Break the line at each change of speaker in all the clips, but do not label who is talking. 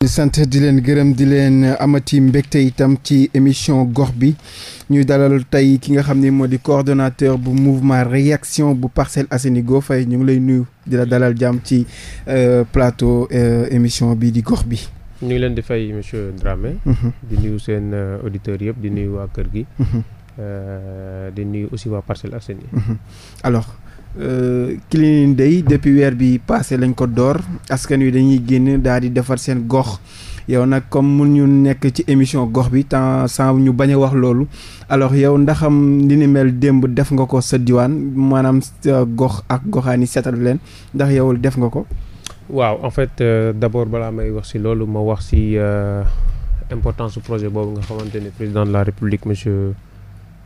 di sant di leen gërëm di leen amati mbégte itam ci émission gox bi ñuy dalal tey ki nga xam ne moo di coordonnateur bu mouvement réaction bu parcelle Assainies Go Faye ñu ngi lay nuyu di la dalal jam ci euh, plateau euh, émission bi di gox bi.
ñu ngi leen di fay monsieur Dramé. Mhm. di nuyu seen euh, auditeurs yëpp di nuyu waa kër gi. Mhm. di nuyu aussi waa Parcelles Assainies. Mhm.
alors. Euh, Cleaning Day depuis weer bi passé lañ ko door askan wi dañuy génn daal di defar seen gox yow nag comme mun ñu nekk ci émission gox bi temps sans ñu bañ a wax loolu alors yow ndaxam li mel démb def nga ko sa diwaan maanaam gox ak goxaan yi seetal leen ndax yow def nga ko.
waaw en fait euh, d'abord balaa may wax si loolu ma wax si euh, importance su projet boobu nga xamante ne président
de la république monsieur.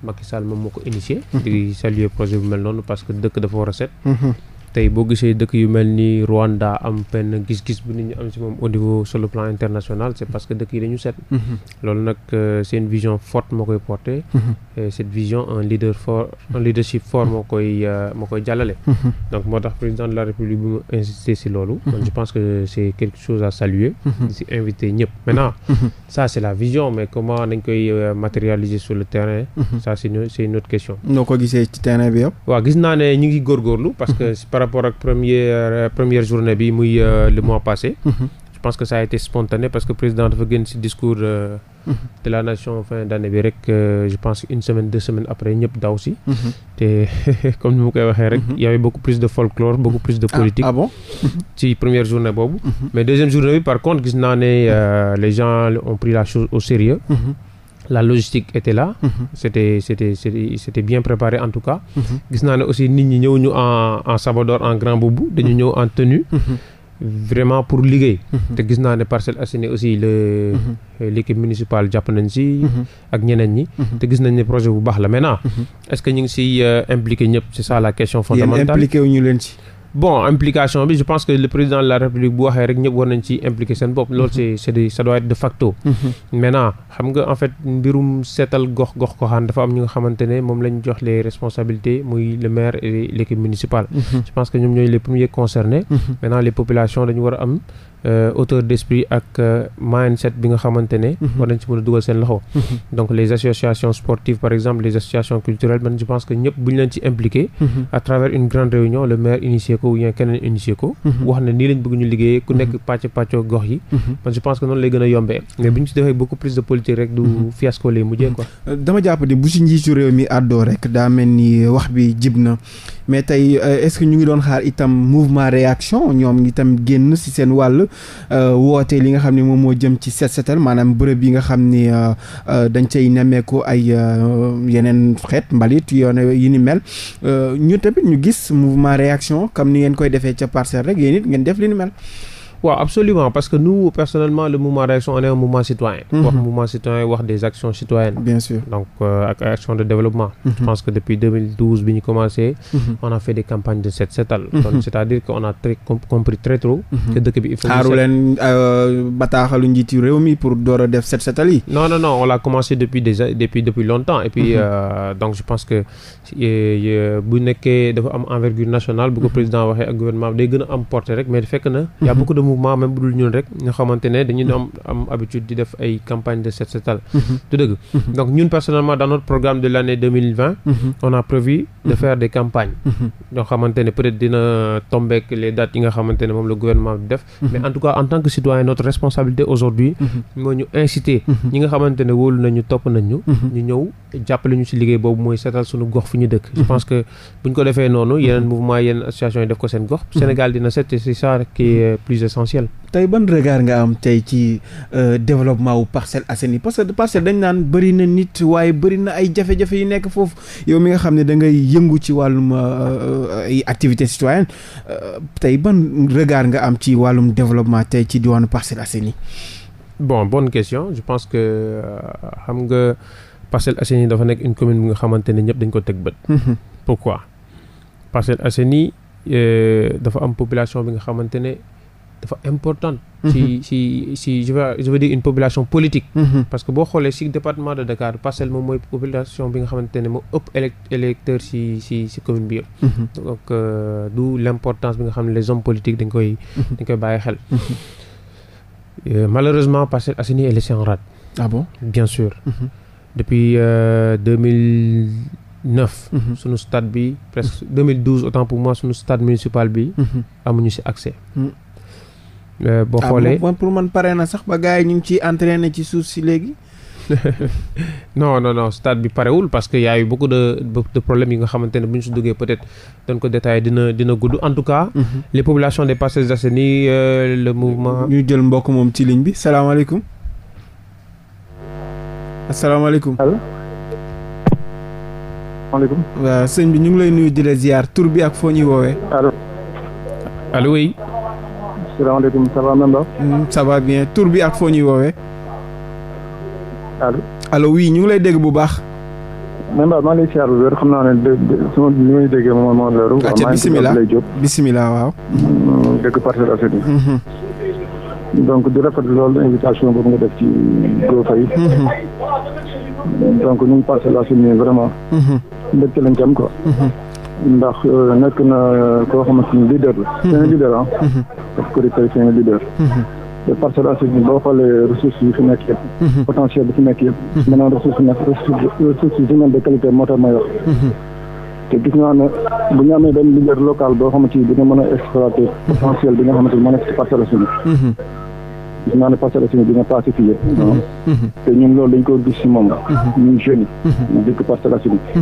Macky Sall moom moo ko initié. di saluer projet bu mel noonu parce que dëkk dafa war a set. Mm-hmm. tey boo gisee dëkk yu mel ni Rwanda am benn gis-gis bu nit ñi am si moom au niveau sur le plan international c'est parce que dëkk yi dañu set mm-hmm. loolu nag c'est euh, une vision forte moo koy porter mm-hmm. et cette vision un leader fort un leadership fort moo koy euh, moo jàllale mm-hmm. donc moo tax président de la République bi mu insister si loolu donc je pense que c'est quelque chose à saluer si invité ñëpp maintenant ça c'est la vision mais comment nañ koy euh, matérialiser sur le terrain ça c'est une c'est une autre question rapport ak première euh, première journée bi muy euh, le mois passé. Mm-hmm. je pense que ça a été spontané parce que président dafa génn ci discours. Euh, mm-hmm. de la nation fin d'année bi rek je pense une semaine deux semaines après ñëpp daw si. Mm-hmm. te comme ni mu koy waxee rek. y avait beaucoup plus de folklore beaucoup plus de ah, politique. Ah ci première journée boobu. mais deuxième journée bi par contre gis naa ne les gens ont pris la chose au sérieux la logistique était là. Mhm. c'était c'était c'était c'était bien préparé en tout cas. Mhm. gis naa ne aussi nit ñi ñëw ñu en en sabador en grand boubou mhm. dañu ñëw en tenue. vraiment pour liggéey. te gis naa ne Parcelles Assainies aussi le. l'équipe municipale jàpp nañ si. ak ñeneen ñi. te gis nañ ne projet bu baax la maintenant. est-ce que ñu ngi siy euh, impliqué ñëpp c'est la question fondamentale yéen impliqué ñu leen si bon implication bi je pense que le président de la république bu waxee rek ñëpp war nañ ci impliqué seen bopp loolu c'est c'est de ça doit de facto mm-hmm. maintenant xam nga en fait mbirum seetal gox gox goxaan dafa am ñu nga xamante ne moom lañ jox les responsabilités muy le maire et l'équipe municipale mm-hmm. je pense que ñoom ñooy les premiers concernés mm-hmm. maintenant les populations dañu war am hauteur euh, d'esprit ak euh, mindset bi nga xamante mhm. war nañ ci mën a dugal seen loxo mhm. donc les associations sportives par exemple les associations culturelles man je pense que ñëpp bu ñu leen ci impliqué mhm. à une grande réunion le maire initié ko wax na nii lañ bëgg ñu liggéeyee ku nekk pàcc pàccoo gox yi man je pense que noonu lay gën a mais bu ñu ci defee beaucoup plus de politique rek du fiasco lay mujjee quoi
euh, dama jàpp di bu si njiitu réew Euh, woote li nga xam ne moom moo jëm ci set setal maanaam bërëb yi nga xam ni euh, euh, dañ cay nemmeeku ay yeneen xeet mbalit yoon yi ni mel ñu tamit ñu gis mouvement réaction comme ni ngeen koy defee ca parcelle rek yéen it ngeen def li ni mel waaw absolument parce que nous personnellement
le mouvement réaction on est un mouvement citoyen mhm. wax des actions citoyennes donc euh, action de développement mhm. je pense que depuis 2012 bi ñu commencé mhm. on a fait des campagnes de set setal c'est-à-dire que on a très compris très tôt que dëkk bi il faut xaaru
leen euh,
bataaxalu réew mi pour door a def set setal yi non non non on l'a depuis depuis longtemps et euh, donc je pense que bu nekkee dafa am envergure a am portée rek mais fekk na a beaucoup mouvement même bu dul ñun rek nga xamante a moom le gouvernement def mm-hmm. mais en tout cas en tant que citoyen notre responsabilité aujourd'hui mm-hmm. moo ñu inciter mm-hmm. ñi nga xamante ne nañu topp nañu ñu ñëw jàppale ñu ci liggéey boobu mooy setal suñu gox fi ñu dëkk je pense que bu ko defee noonu yeneen mouvement yeneen association
yi def ko seen gox Sénégal dina set c'est ça qui plus essentiel l'essentiel. tey ban regard nga am tey ci euh, développement wu Parcelles Assainies parce que parcelle dañ naan bëri na nit waaye bëri ay jafe-jafe yu nekk foofu yow mi nga xam ne da ngay yëngu ci wàllum euh, euh, ay activité citoyenne tey ban regar nga am ci wàllum développement tey ci diwaanu Parcelles Assainies.
bon bonne question je pense que xam nga Parcelles Assainies dafa nekk une commune bi nga xamante ne ñëpp dañ ko teg bët. Mhm. pourquoi Parcelles Assainies dafa am population bi nga xamante dafa important. Mhm. si si si je veux je veux dire une population politique. Mhm. parce que boo xoolee si département de Dakar Parcelles moom mooy population bi nga xamante ne moo ëpp électeur si si si commune bi yëpp. Mhm. donc euh, d'où l'importance bi nga xam ne les hommes politiques dañ koy. dañ koy bàyyi xel. Euh, malheureusement Parcelles Assainies est laissée en rade. Ah bien sûr. Euh, stade bi presque deux mille douze autant pour moi sunu stade municipal bi. amuñu si accès. Mm. Euh, boo ah, xoolee
pour man pare na sax ba gars yi ñu ngi ciy entraîné ci suuf si léegi.
non non non stade bi parewul parce que yaay a eu beaucoup de de yi nga xamante ne bu ñu si duggee peut-être dañ ko détaillé dina dina gudd en tout cas. Mhm. les populations des Parcelles Assainies euh, le mouvement.
ñu jël mbokk moom ci ligne bi salaamaaleykum. asalaamaaleykum. allo. maaleykum. waaw bi ñu ngi lay nuyu di la ziar tur bi ak foo ñuy woowee. allo. salaamaaleykum ça va Mbemba. Hmm, ça va bien bi ak foo ñuy woowee. allo ñu ngi lay dégg bu baax. Mbemba maa ngi lay siyaar bu xam naa ne de de may déggee moom moo leeru. waaw bisimilah bisimilah waaw. dëkk Parcelles Assainies. donc di rafetlu loolu
invitation boobu nga def ci Go Faye. donc ñu ngi Parcelles la vraiment. mbégte lañ ci am quoi. ndax euh, nekk na euh, koo
xamante ni leader la. Mhm. seen leader ah. Mhm. daf ko di tey seen leader. Mhm. te Parcelles Assainies boo xoolee ressources yi fi te gis naa ne bu ñu amee benn leader local boo xamante ni dina mën a exploiter bi nga xamante ni moo nekk ci Parcelles Assainies. gis naa ne Parcelles Assainies dina pacifier. te ñun loolu dañ ko gis moom. ñun jeunes yi. ñu dëkk Parcelles Assainies.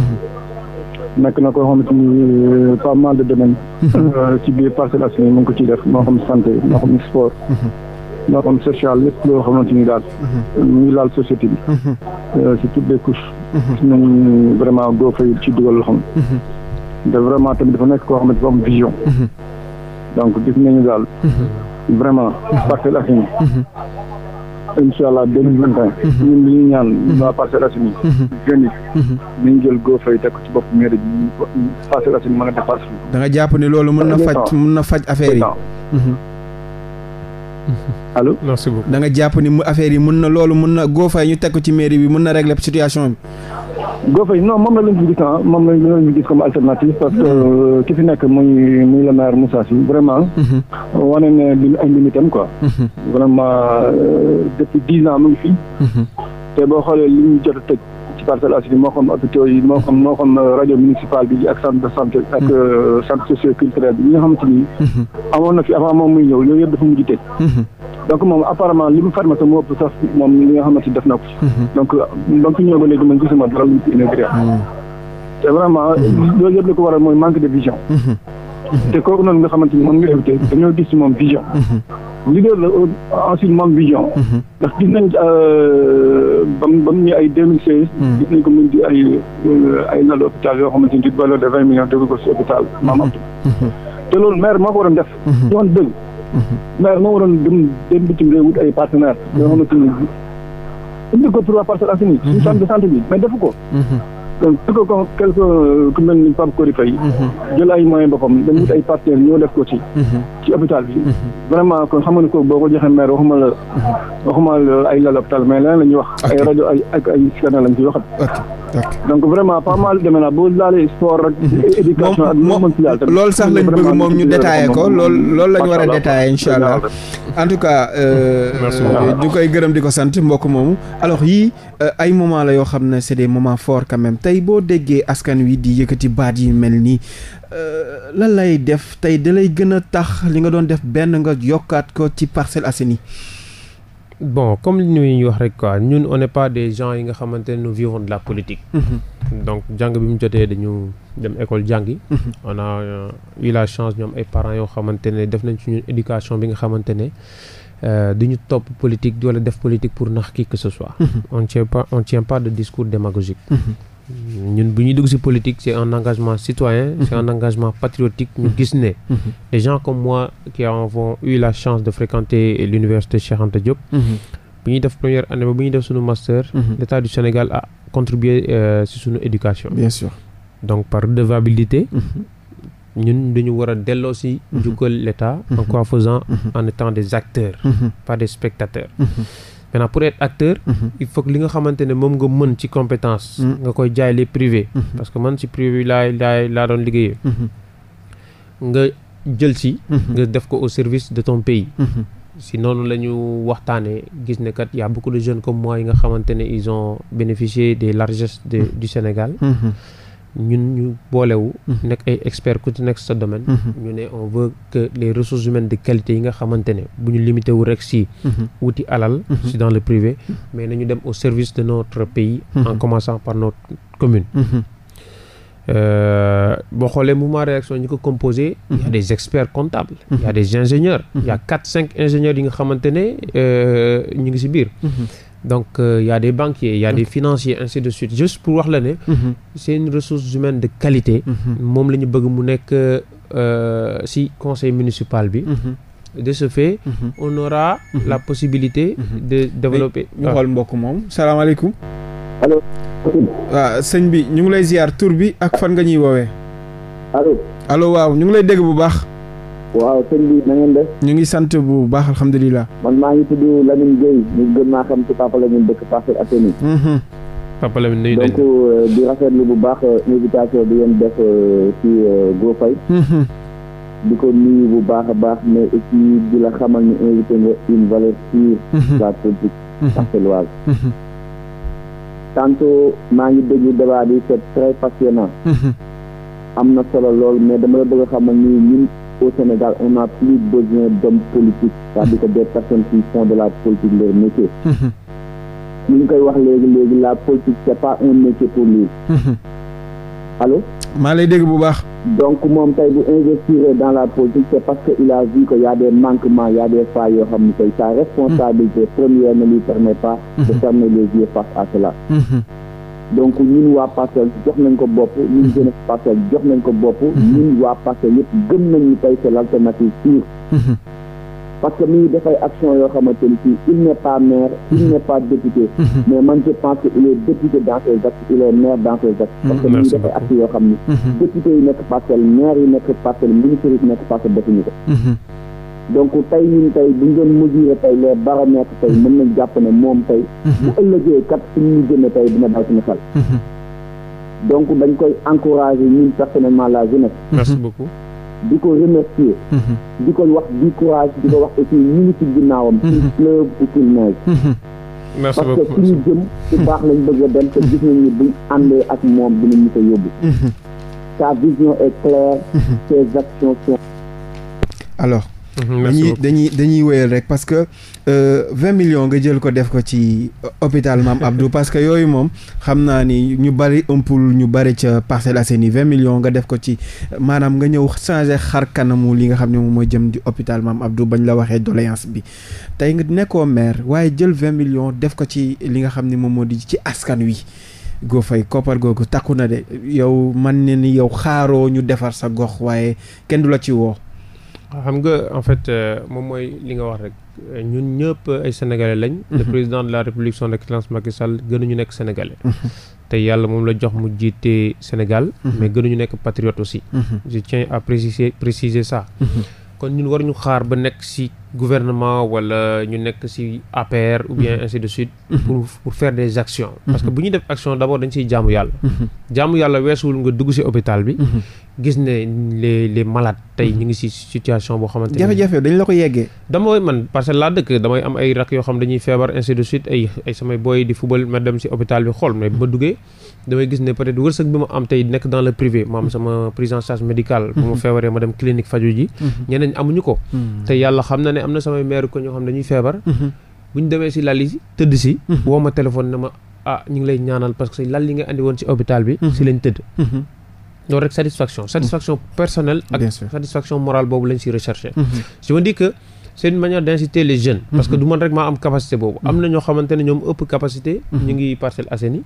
nekk na ko xam ne euh, pas mal de domaine mhm. euh, ci biir Parcelles Assainies mu ngi ko ciy def moo xam santé moo xam sport mhm. moo xam social lépp loo xamante ni daal ñuy mhm. laal société bi euh, ci toutes les couches vraiment doo fay ci dugal loo xam de vraiment tamit dafa nekk koo xamante dafa am vision donc gis nañu daal vraiment Parcelles Assainies incha allah deux mille vingt et un mhm. ñun li ñu ñaan mhm. waa Parcelles mhm.
jàpp ni loolu mën na faj mën na faj affaire yi allo merci beaucoup jàpp ni mu affaire yi mën na loolu mën na góor fay ñu teg ci mairie bi mën na régler situation bi
Gofay non moom la ñu gis ah moom la ñu gis comme alternative parce que euh, ki fi nekk muy muy le maire Moussa Sy vraiment. Mhm. wane ne li ay limitam quoi. Mhm. vraiment euh, depuis dix mu fi. Mhm. te boo xoolee li ñu jot a tëj ci Parcelles Assainies moo xam hôpitaux yi moo xam moo xam euh, rajo municipal bi ak centre de santé ak centre culturel bi ñi nga xamante ni. amoon na fi avant moom muy ñëw yooyu yëpp dafa mujj tëj. donc moom apparemment li mu formation mu ëpp sax moom li nga xamante def na ko. Mhm. donc euh, donc ñoo ba léegi man gisuma dara lu ñu inauguré mhm. te vraiment euh, mhm. loolu yëpp li ko waral mooy manque de vision. te kooku noonu nga xamante ni moom nga gis moom vision. leader ba mu ba mu ay deux mille seize. gis nañ ko mu di ay euh, ay lal hôpital yoo xamante ni di de naa moo waroon dem dem bitim réew wut ay partenaires. Mhm. yoo xamante ni indi ko pour waa Parcelles Assainies. suñu mhm. centre de santé bi mais defu ko. Mhm. donc su ko ko quelque euh, ku mel ni Pape Kory Faye mhm. jël ay moyens boppam dañu wut mhm. ay partenaires ñoo def ko ci mhm. ci hôpital bi vraiment kon xam la waxuma la ay lal hôpital mais leneen la ñuy wax ay rajo ay ak ay scanner lañ ci waxat donc
vraiment pas mal demee naa boo laalee sport ak éducation ak moo mën sax lañ bëgg moom ñu détaillé ko loolu loolu la ñu war a détaillé insha en tout cas euh, ñu koy gërëm di ko sant mbokk moomu alors yii euh, ay moment la yoo xam ne c'est des moments forts quand tey boo déggee askan wi di yëkkati baat yi mel nii euh, lan lay def tey da lay gën a tax li nga doon def benn nga yokkaat ko ci Parcelles Assainies
bon comme li ñuy wax rek quoi ñun on n'est pas des gens yi nga xamante ne nous de la politique. Mmh. donc jàng bi mu jotee dañu dem école jàngi. Mm-hmm. on a euh, eu la chance ñoom ay parents yoo xamante ne def nañ su ñu éducation bi nga xamante ne euh, du ñu topp politique wala def politique pour nax kii que ce soit. Mm-hmm. on tient pas on tient pas de discours démagogique. Mmh. ñun bu ñuy dugg ci politique c'est un engagement citoyen mhm. c'est un engagement patriotique ñu gis ne des mhm. gens comme moi qui avons eu la chance de fréquenter l'université Cheikh Anta Diop mhm. bu ñuy def première année bu ñuy def suñu master l'État du Sénégal a contribué euh, ci suñu éducation bien sûr donc par redevabilité ñun dañu war a delloo ci njukkal l'État en quoi en étant des acteurs pas des spectateurs maintenant pour être acteur mhm. il faut li nga xamante ne moom nga mën ci compétence mhm. nga koy jaay les privés mhm. parce que man ci privé laay laay laa doon liggéeyee nga jël si nga def ko au service de ton pays si noonu la ñu waxtaanee gis ne kat y a beaucoup de jeune comme moi yi nga xamante ne ils ont bénéficié des largesses de, du Sénégal ñun ñu boolewu mhm. nekk ay expert ku ci nekk sa domaine mhm. ñu ne on veut que les ressources humaines de qualité yi nga xamante bu ñu limité wu rek si mhm. wuti alal si dans le privé mais nañu dem au service de notre pays en commençant par notre commune euh, boo xoolee mouvement réaction ñu ko composé y des experts comptables y des ingénieurs y quatre cinq ingénieurs yi nga xamante ne euh, ñu ngi si biir donc euh, y a des banquiers y a okay. des financiers de suite juste pour wax la ne mhm. c'est une ressource humaine de qualité mhm. moom la ñu bëgg mu nekk ci
euh, conseil municipal bi mhm.
de ce fait on la possibilité de développer ñu xool
mbokk moom salaamaaleykum allo waaw sëñ bi ñu ngi lay ziar tour bi ak fan nga ñuy woowee allo allo waaw ñu ngi lay dégg bu baax waaw sëñ bi na ngeen def. ñu ngi sant bu baax alhamdulilah. man maa ngi tudd Lamine Gueye ñu gën maa xam ci Papa Lamine dëkk Parcelles Assainies. Mhm.
Papa Lamine nuyu nañ
euh, di
rafetlu bu baax euh, invitation bi ngeen def euh, ci Go Faye. Mhm. di ko nuyu bu baax a baax mais aussi di la xamal ni invité nga une valeur sûre. Mhm. la politique parcelloise. tantôt maa ngi dëgg débat bi c'est très passionnant. am na solo lool mais dama la bëgg xamal ni ñun. au Sénégal, on n'a plus besoin d'hommes politiques, c'est-à-dire des personnes qui font de la politique leur métier. Mhm. ñu ngi koy wax léegi léegi la politique c'est pas un métier pour lui. Mhm. allô. maa lay dégg bu baax. donc moom tey bu investir dans la politique c'est parce que il a vu que y a des manquements y a des failles yoo xam ne tey sa responsabilité mhm. première ne lui permet de fermer les yeux face à cela. donc ñun waa Parcelles jox nañ ko bopp ñun mhm. jeunesse Parcelles jox nañ ko bopp mhm. ñun waa Parcelles yëpp gëm nañ ñu tey c'est l'alternative sûre mhm. parce que mi ngi def action yoo xamante ni fii il n'est pas maire il n'est pas député mais man je pense que il est député dans ses actes il est maire dans ses parce que mi ngi def yoo xam ni député yi nekk Parcelles maire yi nekk Parcelles ministre yi nekk Parcelles defuñu ko donc tey ñun tey bu ñu doon mesurer tey les baromètres tey mën nañ jàpp ne moom tey bu mhm. ëllëgee kat suñ ñu jëmee tey dina daal suñu xel mhm. donc dañ koy encourager ñun personnellement la jeunesse merci mhm. di ko remercier di ko wax du courage di ko wax aussi ñu ci ginnaawam qu'il pleuve ou qu'il
parce que suñu
jëm su baax lañ bëgg a dem te gis nañ ni buñ àndee ak moom dinañu ko yóbbu sa vision est claire ses actions sont
alors Mhm, dañuy dañuy dañuy wéyal rek parce que euh, vingt millions nga jël ko def ko ci euh, hôpital Maam Abdou parce que yooyu moom xam naa ni ñu bari ëmpul ñu bari ca Parcelles Assainies vingt million nga def ko ci maanaam nga ñëw changer xar kanamu li nga xam ne moom mooy jëm di hôpital Maam Abdou bañ la waxee doléance bi tey nga nekkoo maire waaye jël vingt millions def ko ci li nga xam ni moom moo di ci askan wi goo fay koppar googu takku na de yow man ne ni yow xaaroo ñu defar sa gox waaye kenn du la ci woo
xam nga en fait euh, moom mooy li nga wax rek ñun ñëpp ay sénégalais lañ. Mhm. le président de la république son excellence Macky Sall gënuñu nekk sénégalais. Mhm. te yàlla moom la jox mu jiite Sénégal. Mhm. mais gënu ñu nekk patriote aussi. je tiens à préciser préciser ça. kon ñun war ñu xaar ba nekk si gouvernement wala ñu nekk ci APR ou bien mhm. ainsi de suite mhm. pour pour des actions mhm. parce que bu ñu def action d'abord dañ ciy jaamu yàlla jaamu yàlla weesuwul nga dugg ci hôpital bi gis ne les les malades tey ñu ngi ci situation boo xamante ne jafe-jafe
dañ la ko yeggee
damay man parce que laa dëkk damay am ay rak yoo xam dañuy feebar ainsi de suite ay samay booy di football ma dem ci hôpital bi xool mais bu ma duggee damay gis ne peut-être wërsëg bi le privé ma am sama prise en ne am na samay maire ko ñoo xam dañuy feebar mhm. bu ñu demee si lal yi tëdd si mhm. woo ma téléphone ne ma ah ñu ngi lay ñaanal parce que lal yi nga andi woon si hôpital bi si mhm. lañ tëdd loolu rek satisfaction satisfaction personnelle ak satisfaction morale boobu lañ si recherché je me dis que c' est une manière d' parce que du man rek maa am capacité boobu am na ñoo xamante ne ñoom ëpp capacité ñu ngi Parcelles Assainies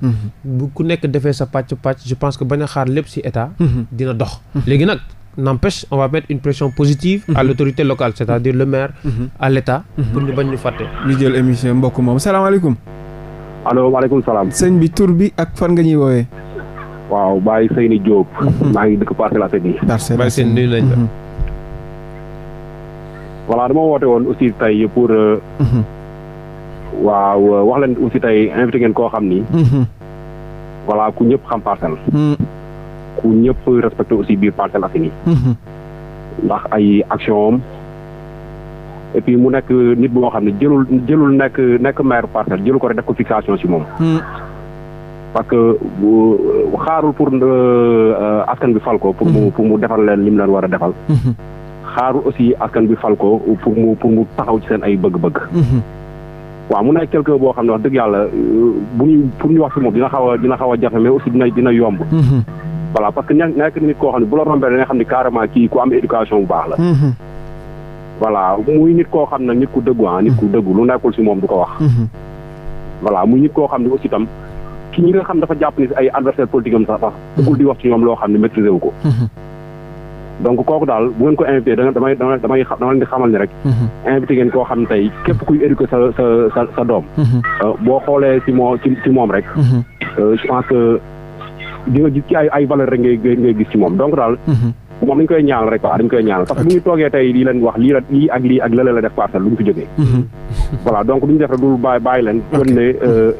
bu ku nekk defee sa pàcc pàcc je pense que a xaar lépp si état dina dox léegi nag n'empêche on va mettre une pression positive à mhm. l'autorité locale c'est-à-dire le maire mhm. à l'état mhm. pour ñu bañ ñu fàtte
ñu jël émission mbokk moom salaamaaleykum allo maaleykum salaam sëñ bi tur bi ak fan nga ñuy woowee waaw Baye Seyni Diop maa ngi dëkk Parcelles Assainies
Baye Seyni nuyu nañ la
voilà dama woote woon aussi tey pour euh, waaw euh, wax leen aussi tey invité ngeen koo xam ni voilà ku ñëpp xam parcelle ku ñëpp respecté aussi biir Parcelles Assainies yi mhm. ndax ay action am et mu nekk nit boo xam ne jëlul jëlul nekk nekk maire parcelle jëlu ko rek def ko fixation si moom mhm. parce que euh, xaarul pour euh, euh, askan bi fal ko pour mu mhm. pour mu defal leen li mu leen war a defal xaarul aussi askan bi fal ko pour mu pour mu taxaw ci seen ay bëgg-bëgg waaw mu nekk quelqu'un boo xam ne wax dëgg yàlla bu ñu pour ñu wax si moom dina xaw a dina xaw a jafe mais aussi dina dina yomb voilà parce que nekk nit koo xam ne bu la rombee da xam ne carrément kii ku am éducation bu baax la. Mm-hmm. voilà muy nit koo xam ne ah, ko wax. Mm-hmm. voilà muy nit koo xam ne aussi tam ki nga xam dafa jàpp ni ay adversaire politique sax sax. Mm-hmm. bëggul di wax ci ñoom loo xam ne maîtriser ko. donc kooku daal bu ngeen ko invité da damay damay damay dama leen di xamal ni rek. invité ngeen koo xam ne tey képp kuy éduquer sa sa sa doom. Euh, boo xoolee ci moom rek. Euh, di nga gis ci ay valeur rek ngay gis ci moom donc daal. Mhm. moom dañ koy ñaanal rek quoi dañ koy ñaanal parce que bu ñu toogee tey di leen wax lii la lii ak lii ak lële la def parcelle lu ñu fi jógee. Mhm. voilà donc duñu def rek du bàyyi leen. ok euh,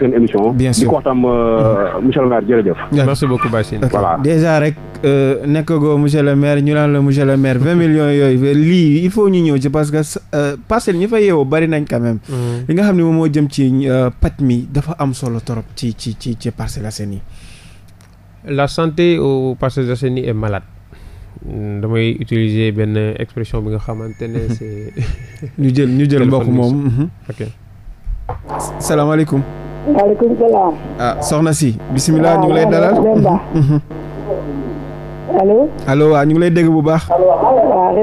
seen émission. bien ko wax tam euh, mhm. le maire jërëjëf.
merci beaucoup Baye Sine. voilà
déjà rek euh, nekkagoo monsieur le maire ñu naan la monsieur le maire vingt millions yooyu lii il faut ñu ñëw ci parce que parcelle ñi fa yeewoo bari nañ quand li nga xam ne moom moo jëm ci paj mi dafa am solo trop ci ci ci ci Parcelles Assainies yi.
la santé au Parcelles Assainies est malade mm, damay utiliser benn
expression bi nga xamante ne c'est. ñu jël ñu jël mbokk moom. Mhm. ok. salaamaaleykum. ah soxna si. bisimilah ah, ñu ngi lay dalal allo. Mhm. Mhm. allo ñu ngi lay dégg bu baax.
waaw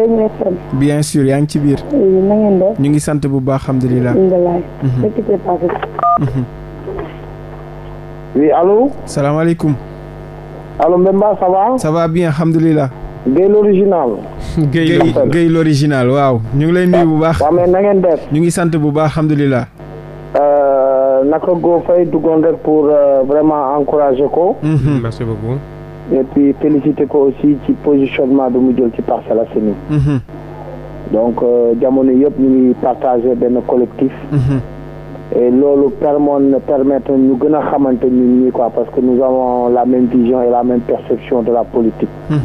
bien sûr yaa ngi ci biir. ñu ngi sant bu baax alhamdulilah.
alhamdulilah.
oui allo. salaamaaleykum. allo Mbemba ça va. ça va bien alhamdulilah. Guèye l'original. Guèye Guèye l'original waaw. ñu ngi lay nuyu bu baax. waaw mais na ngeen def. ñu ngi sant bu baax alhamdulilah.
Euh, naka goo fay duggoon rek pour euh, vraiment encourager ko.
Mhm.
merci beaucoup.
et puis féliciter ko aussi ci positionnement bi mu jël ci Parcelles Assainies. Mhm. donc euh, jamono yëpp ñu ngi partager benn collectif. Mhm. et loolu permoon permettre ñu gën a xamante ñun ñii quoi parce que nous avons la même vision et la même perception de la politique mmh.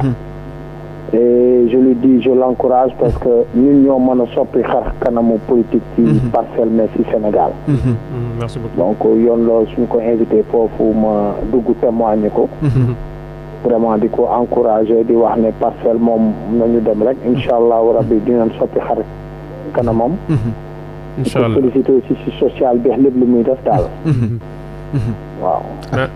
je lui dis je l'encourage parce que ñun ñoo mën a soppi xar kanamu politique ci mm-hmm. parcelle mais Sénégal mm-hmm.
Mm-hmm.
merci beaucoup donc yoon loolu ko invité foofu ma dugg témoigner ko vraiment di ko encourager di wax ne parcelle moom ñu dem rek incha allahu rabbi dinañ soppi xar kanamam incha allah sollicité aussi si social bi lépp lu muy def daal. waaw.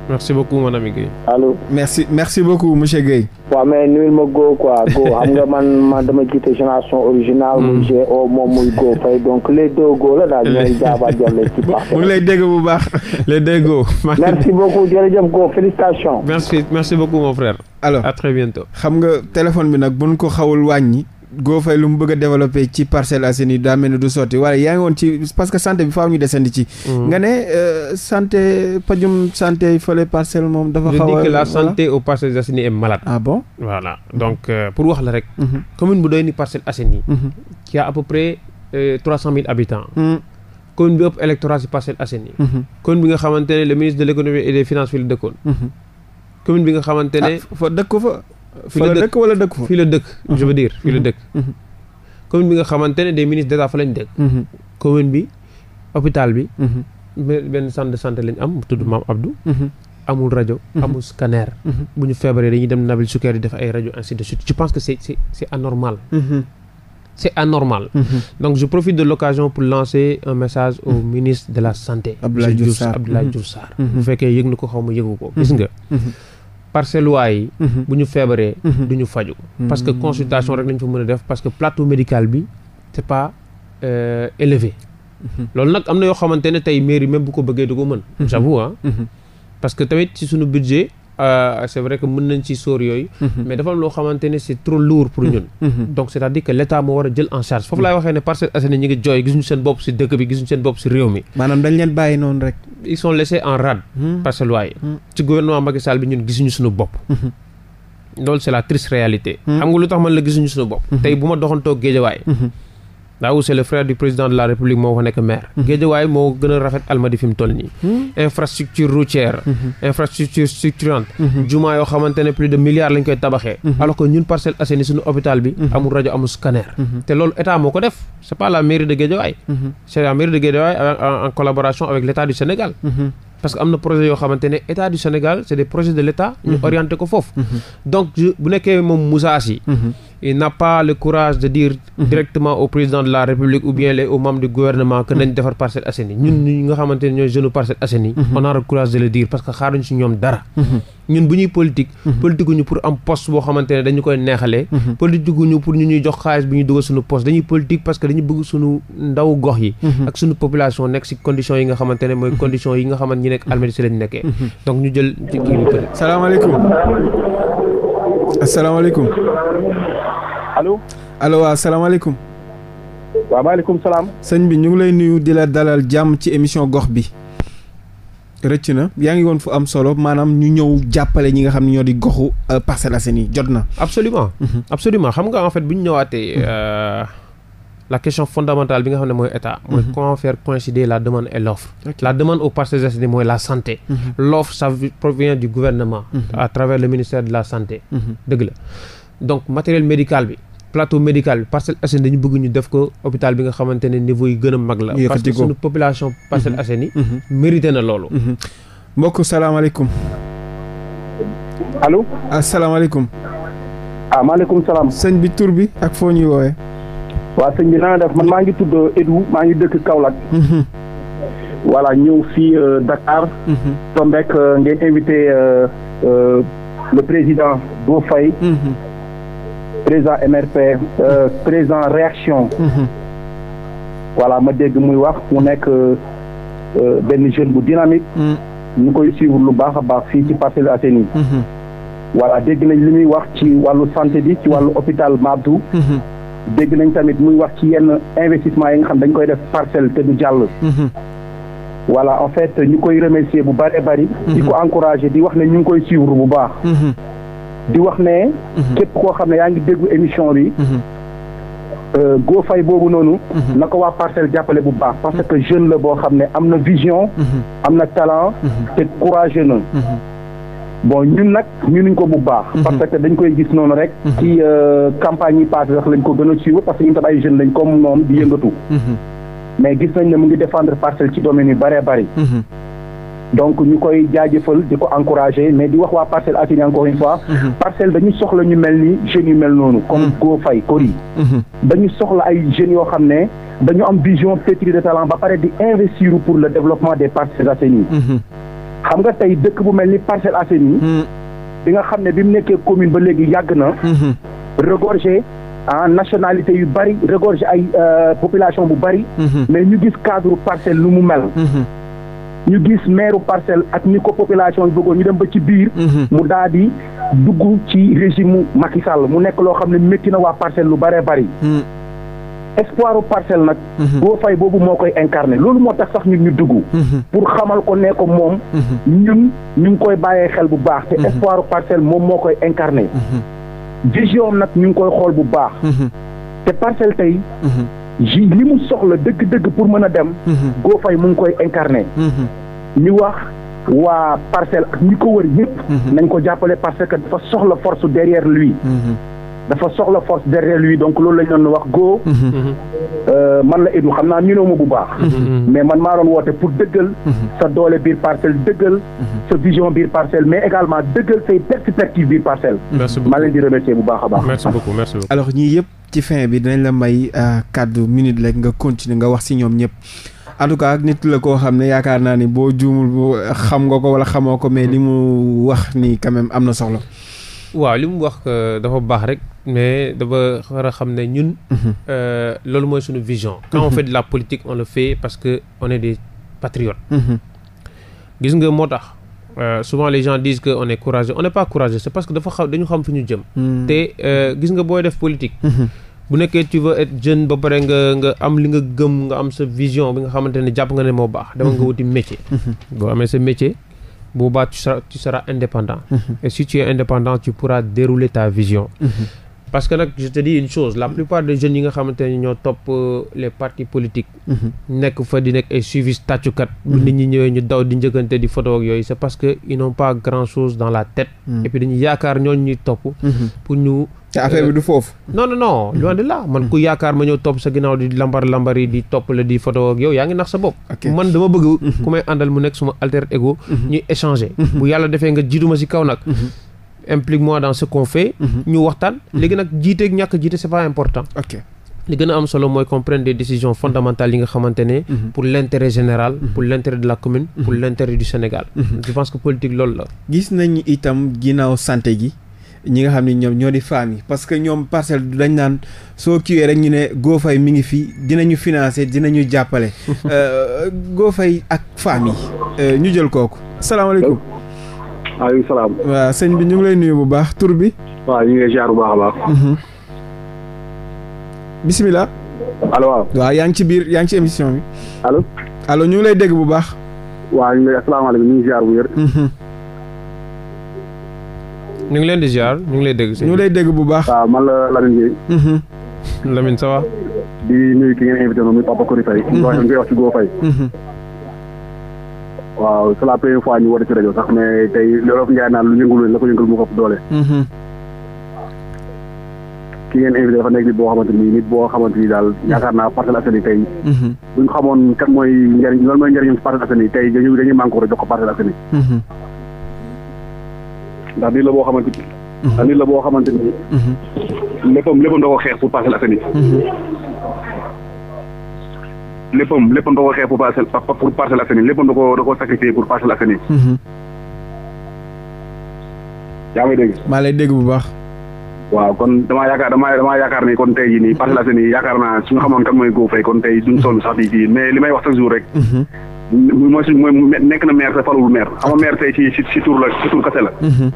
merci beaucoup mon ami Guèye.
allo
merci merci beaucoup monsieur Guèye.
waaw mais nuyul ma Go quoi Go xam nga man man dama jiite génération originale. Mhm. muy GO moom muy Go Faye donc les deux Go la daal ñooy jaaba jàll
ci partenaire. mu ngi lay dégg bu baax les deux Go. merci beaucoup jërëjëf Go félicitations. merci merci beaucoup mon frère. alors à très bientôt. xam nga téléphone bi nag buñ ko xawul wàññi. Go Faye lu mu bëgg a développé ci Parcelles Assainies daa mel ni du sotti wala yaa ngi woon ci parce santé bi faaw ñu desandi ci. Mm. nga ne euh, santé pajum santé fële parcelle moom. dafa xaw a je dis que la santé
aux Parcelles Assainies est malade. ah bon euh, mm-hmm. mm-hmm. a à euh, trois cent mille habitants. Mm. commune bi ëpp électorat si Parcelles Assainies. Mm-hmm. commune bi nga xamante ne ministre de l' et des finances fi la dëkkoon. commune bi nga xamante ah, fa dëkk fa.
fii la dëkk wala dëkk fa fii la dëkk je veux dire fii la dëkk
mm-hmm. Mm-hmm. commune bi nga xamante ne des ministres d'état fa lañ dëkk mm-hmm. commune bi hôpital bi benn centre de santé lañ am tudd maam Abdou amul rajo amul scanner bu ñu feebaree dañuy dem nabil sukkeer di def ay rajo ainsi de suite je pense que c'est c'est c'est anormal c'est anormal de l'occasion pour lancer un message de la santé Abdoulaye Diouf Sarr Abdoulaye Diouf Sarr bu fekkee yëg na ko xaw ma yëgu ko gis nga parcelles waay yi. Mhm. bu ñu feebaree. Mhm. du ñu faju mhm. parce que consultation rek lañ fa mën a def parce que plateau médical bi c'est pas euh, élevé. loolu nag am na yoo xamante ne tey mairie même bu ko bëggee du ko mën. j'avoue ah. parce que tamit ci suñu budget. Euh, c'est vrai que mën nañ ci sóor yooyu mhm. mais dafa loo xamante ne c'est trop lourd pour ñun mhm. Mhm. donc c'est-à-dire que l'état moo war a jël en charge foofu laay waxee ne Parcelles Assainies ñi ngi jooy gisuñu seen bopp ci dëkk bi gisuñu seen bopp ci réew mi maanaam dañ leen bàyyi noonu rek ils sont laissés en rade Parcelles waaye ci gouvernement Macky bi ñun gisuñu suñu bopp loolu c'est la triste réalité xam nga lu tax man la gisuñu suñu bopp tey bu ma doxantoo Géejawaay daaw c'est le frère du président de la république moo fa nekk maire mm-hmm. Guédiawaay moo gën a rafet almadi fi mu toll nii mm-hmm. infrastructure routière mm-hmm. infrastructure structurante jumaa yoo xamante ne plus de milliards lañ koy tabaxee alors que ñun Parcelles Assainies suñu hôpital bi amul rajo amul scanner te loolu état moo ko def c'est la mairie de Guédiawaay c'est la de Guédiawaay en collaboration avec l'état du Sénégal parce que am na projet yoo xamante ne état du Sénégal c' est des de l' ñu mhm. orienté ko foofu. Mhm. donc bu nekkee moom Moussa Sy. Mhm. le courage de dire. directement au président de la République ou bien les aux membres du gouvernement. que nañ defar Parcelles Assainies ñun ñi nga xamante ne ñooy jeunes Parcelles Assainies. on a courage de le dire parce que xaaruñ si ñoom dara. ñun bu ñuy politique. politique pour am poste boo xamante dañu koy neexalee. politique ñu nekk almadi si lañ nekkee mm-hmm. donc ñu jël ci kii bi peut-être salaamaaleykum
asalaamaaleykum salaam sëñ bi ñu ngi lay nuyu di la dalal jàmm ci émission gox bi rëcc na yaa ngi woon fu am solo maanaam ñu ñëw jàppale ñi nga xam ne ñoo di goxu euh, Parcelles seen yi jot na
absolument mm-hmm. absolument xam nga en fait bu ñu ñëwaatee mm-hmm. euh, la question fondamentale bi nga xam ne mooy état. Mhm. mooy comment faire coïncider la demande et l'offre. Okay. la demande aux partenaires associés mooy la santé. Mhm. l'offre ça provient du gouvernement. Mhm. à travers le ministère de la santé. dëgg la donc matériel médical bi. plateau médical bi Parcelles Assainies dañu bëgg ñu def ko hôpital bi nga xamante ne niveau yi gën a mag la parce que suñu population Parcelles yi mérité na loolu
mbokk salaamaaleykum allo asalaamaaleykum ah, ah maaleykum salaam sëñ bi tur bi ak foo ñuy woowee waa sëñ bi na def man maa ngi tudd Edou maa ngi dëkk Kaolack. Mhm.
voilà ñëw fii euh, Dakar. Mhm. tombek euh, ngeen invité euh, le président Bo Faye. Mhm. président MRP président réaction. voilà ma dégg muy wax mu nekk benn jeune bu dynamique. ñu koy suivre lu baax a baax fii ci Parcelles Assainies. voilà dégg nañ li muy wax ci wàllu santé bi ci wàllu hôpital Mabdou. dégg nañ tamit muy wax ci yenn investissement yi nga xam dañ koy def parcelle te du jàll. Mhm. voilà en fait ñu koy remercier bu bari bari. Mhm. di ko encourager di wax ne ñu ngi koy suivre bu baax. Mhm. di wax ne. képp koo xam ne yaa ngi déggu émission bi. Euh, goo fay boobu noonu. na ko waa parcelle jàppale bu baax parce que jeune la boo xam ne am na vision. am na talent. te courageux na. bon ñun nag nuñ ko bu baax. Mhm. parce que dañ koy gis noonu rek. Mhm. ci euh, campagne yi passé sax lañ ko gën a suivre parce que ñun tam ay jeunes lañ comme moom di yëngatu. Mhm. mais gis nañ ne mu ngi defendre parcelle ci domaine yu bëree bëri. donc ñu koy jaajëfal di ko encourager mais di wax waa Parcelles Assainies encore une fois. parcelle dañu soxla ñu mel ni jeunes yu mel noonu. comme Go Faye Cory. dañu soxla ay jeunes yoo xam ne dañu am vision pétrie de talent ba pare di investir pour le développement des Parcelles Assainies. xam nga tey dëkk bu mel ni Parcelles Assainies hmm. bi nga xam ne bi mu nekkee commune ba léegi yàgg na hmm. regorgé ah nationalité yu bari regorgé ay euh, population bu bari hmm. mais ñu gis cadre parcelle lu mu mel ñu gis maire parcelle ak ni ko population yi bëggoon ñu dem ba ci biir mu daal di dugg ci régime Macky Sall mu nekk loo xam ne métti na waa parcelle lu bëree bari espoir u parcelle nag mhm. boo fay boobu moo koy incarné loolu moo tax sax ñun ñu dugg mhm. pour xamal ko ne ko moom mhm. ñun ñu ngi koy bàyyee xel bu baax te espoir u parcelle moom moo koy incarné vision nag ñu ngi koy xool bu baax te parcelle tey ji li mu soxla dëgg-dëgg pour mën a dem goo fay mu ngi koy incarné ñu wax waa parcelle ak ko wër yëpp nañ ko jàppale parce que dafa soxla force derrière lui dafa soxla force derrière lui donc loolu la ñu doon wax go. Euh, man la Ibou xam naa ñu ma bu baax. mais man maa doon woote pour dëggal. sa doole biir parcelle dëggal. sa vision biir parcelle mais également dëggal say perspectives biir parcelle. merci beaucoup maa leen di remercier bu baax a baax.
merci beaucoup merci beaucoup. alors ñii yëpp ci fin bi dañ la may euh, kàddu minute rek nga continuer nga wax si ñoom ñëpp. en tout cas nit la koo xam ne yaakaar naa ni boo juumul xam nga ko wala xamoo ko mais li mu wax ni quand am na soxla.
waaw li mu wax euh, dafa baax rek mais dafa war a xam ne ñun. Mhm. Euh, loolu mooy suñu vision. quand on mhm. fait la politique on le fait parce que on est des patriotes. Mhm. gis nga moo tax euh, souvent les gens disent que on est courageux on n'est pas courageux c'est parce que dafa xam dañu xam fi ñu jëm. te gis nga booy def politique. bu nekkee tu veux être jeune ba pare nga nga am li nga gëm nga am sa vision bi nga xamante ne jàpp nga ne moo baax. dama nga wuti métier. boo amee sa métier. Boba, tu seras, tu seras indépendant. Mm -hmm. Et si tu indépendant, tu pourras dérouler ta vision. Mhm. Parce que nag je te dis une chose la plupart des jeunes yi nga xamante ne ñoo topp euh, les partis politiques. Mhm. nekk fa di nekk ay suivi tàccukat. bu mhm. nit ñi ñëwee ñu daw di njëkkante di photo ak yooyu c'est parce que ils n'ont pas grand chose dans la tête. et puis dañuy yaakaar ñooñu ñuy topp. pour ñu. te eh, affaire bi du foofu. non non non man ku yaakaar ma ñëw topp sa ginnaaw di lambar lambar yi di topp la di photo ak yow yaa ngi nax sa bopp. man dama bëgg. Mhm. ku may àndal mu nekk suma alter ego. Mhm. ñuy échanger. Mhm. bu yàlla defee nga jiitu ma si kaw nag. implique moi dans ce qu'on fait. ñu waxtaan léegi nag jiite ñàkk jiite c'est pas important. ok li gën a am solo mooy comprendre des décisions fondamentales yi nga xamante ne. pour l'intérêt général. pour
l'intérêt de la commune. pour l'intérêt du Sénégal. je que politique loolu la. gis nañu itam ginnaaw santé gi. ñi nga xam ni ñoom ñoo di femmes yi parce que ñoom parcelle dañ naan soo kiiwee rek ñu ne Gofay mi ngi fi dinañu financer dinañu jàppale. Euh, Gofay ak femmes yi. Euh, ñu jël kooku. salaamaaleykum. maaleykum waaw sëñ bi ñu ngi lay nuyu bu baax tur bi. waaw ñu ngi lay ziar bu baax a baax. Mhm. bisimilah. allo yaa ngi ci biir yaa ngi ci émission bi. allo. allo ñu ngi lay dégg bu baax. waaw ñu ngi lay asalaamaaleykum ñu ngi ziar bu wér. Mhm.
ñu ngi leen di ziar ñu ngi lay dégg. ñu lay
dégg bu baax. waaw man la Lamine Gueye. Mm-hmm. Lamine ça va. di nuyu ki ngeen invité moom mi Papa Kory Faye. Mm-hmm. ñu koy wax ci Go Faye. Mm-hmm.
waaw c'est la première fois ñu woote ci rajo sax mais tey loolu Ndiaye naan lu yëngul la ko yëngal mu ko doole. ki ngeen invité dafa nekk nit boo xamante ni nit boo xamante ni daal yaakaar naa Parcelles Assainies tey ñu xamoon kat mooy njëriñ loolu mooy njëriñu Parcelles Assainies tey dañuy dañuy manqué jox ko Parcelles Assainies ndax nit la boo xamante ni. Mhm. ndax nit la boo xamante ni. Mhm. léppam léppam da ko xeex pour Parcelles Assainies. Mhm. léppam léppam da ko xeex pour Parcelles pour Parcelles Assainies léppam da ko da ko sacrifié pour Parcelles Assainies. yaa ngi dégg. maa lay dégg bu baax. waaw kon damaa yaakaar damaa damaa yaakaar ni kon tey jii nii Parcelles Assainies yaakaar naa su xamoon kan mooy Go kon tey duñ sonn sax di kii mais li may wax chaque jour rek. mooy suñ mooy nekk na maire te falul maire xam nga maire tey ci ci ci la ci tur kase la mm-hmm.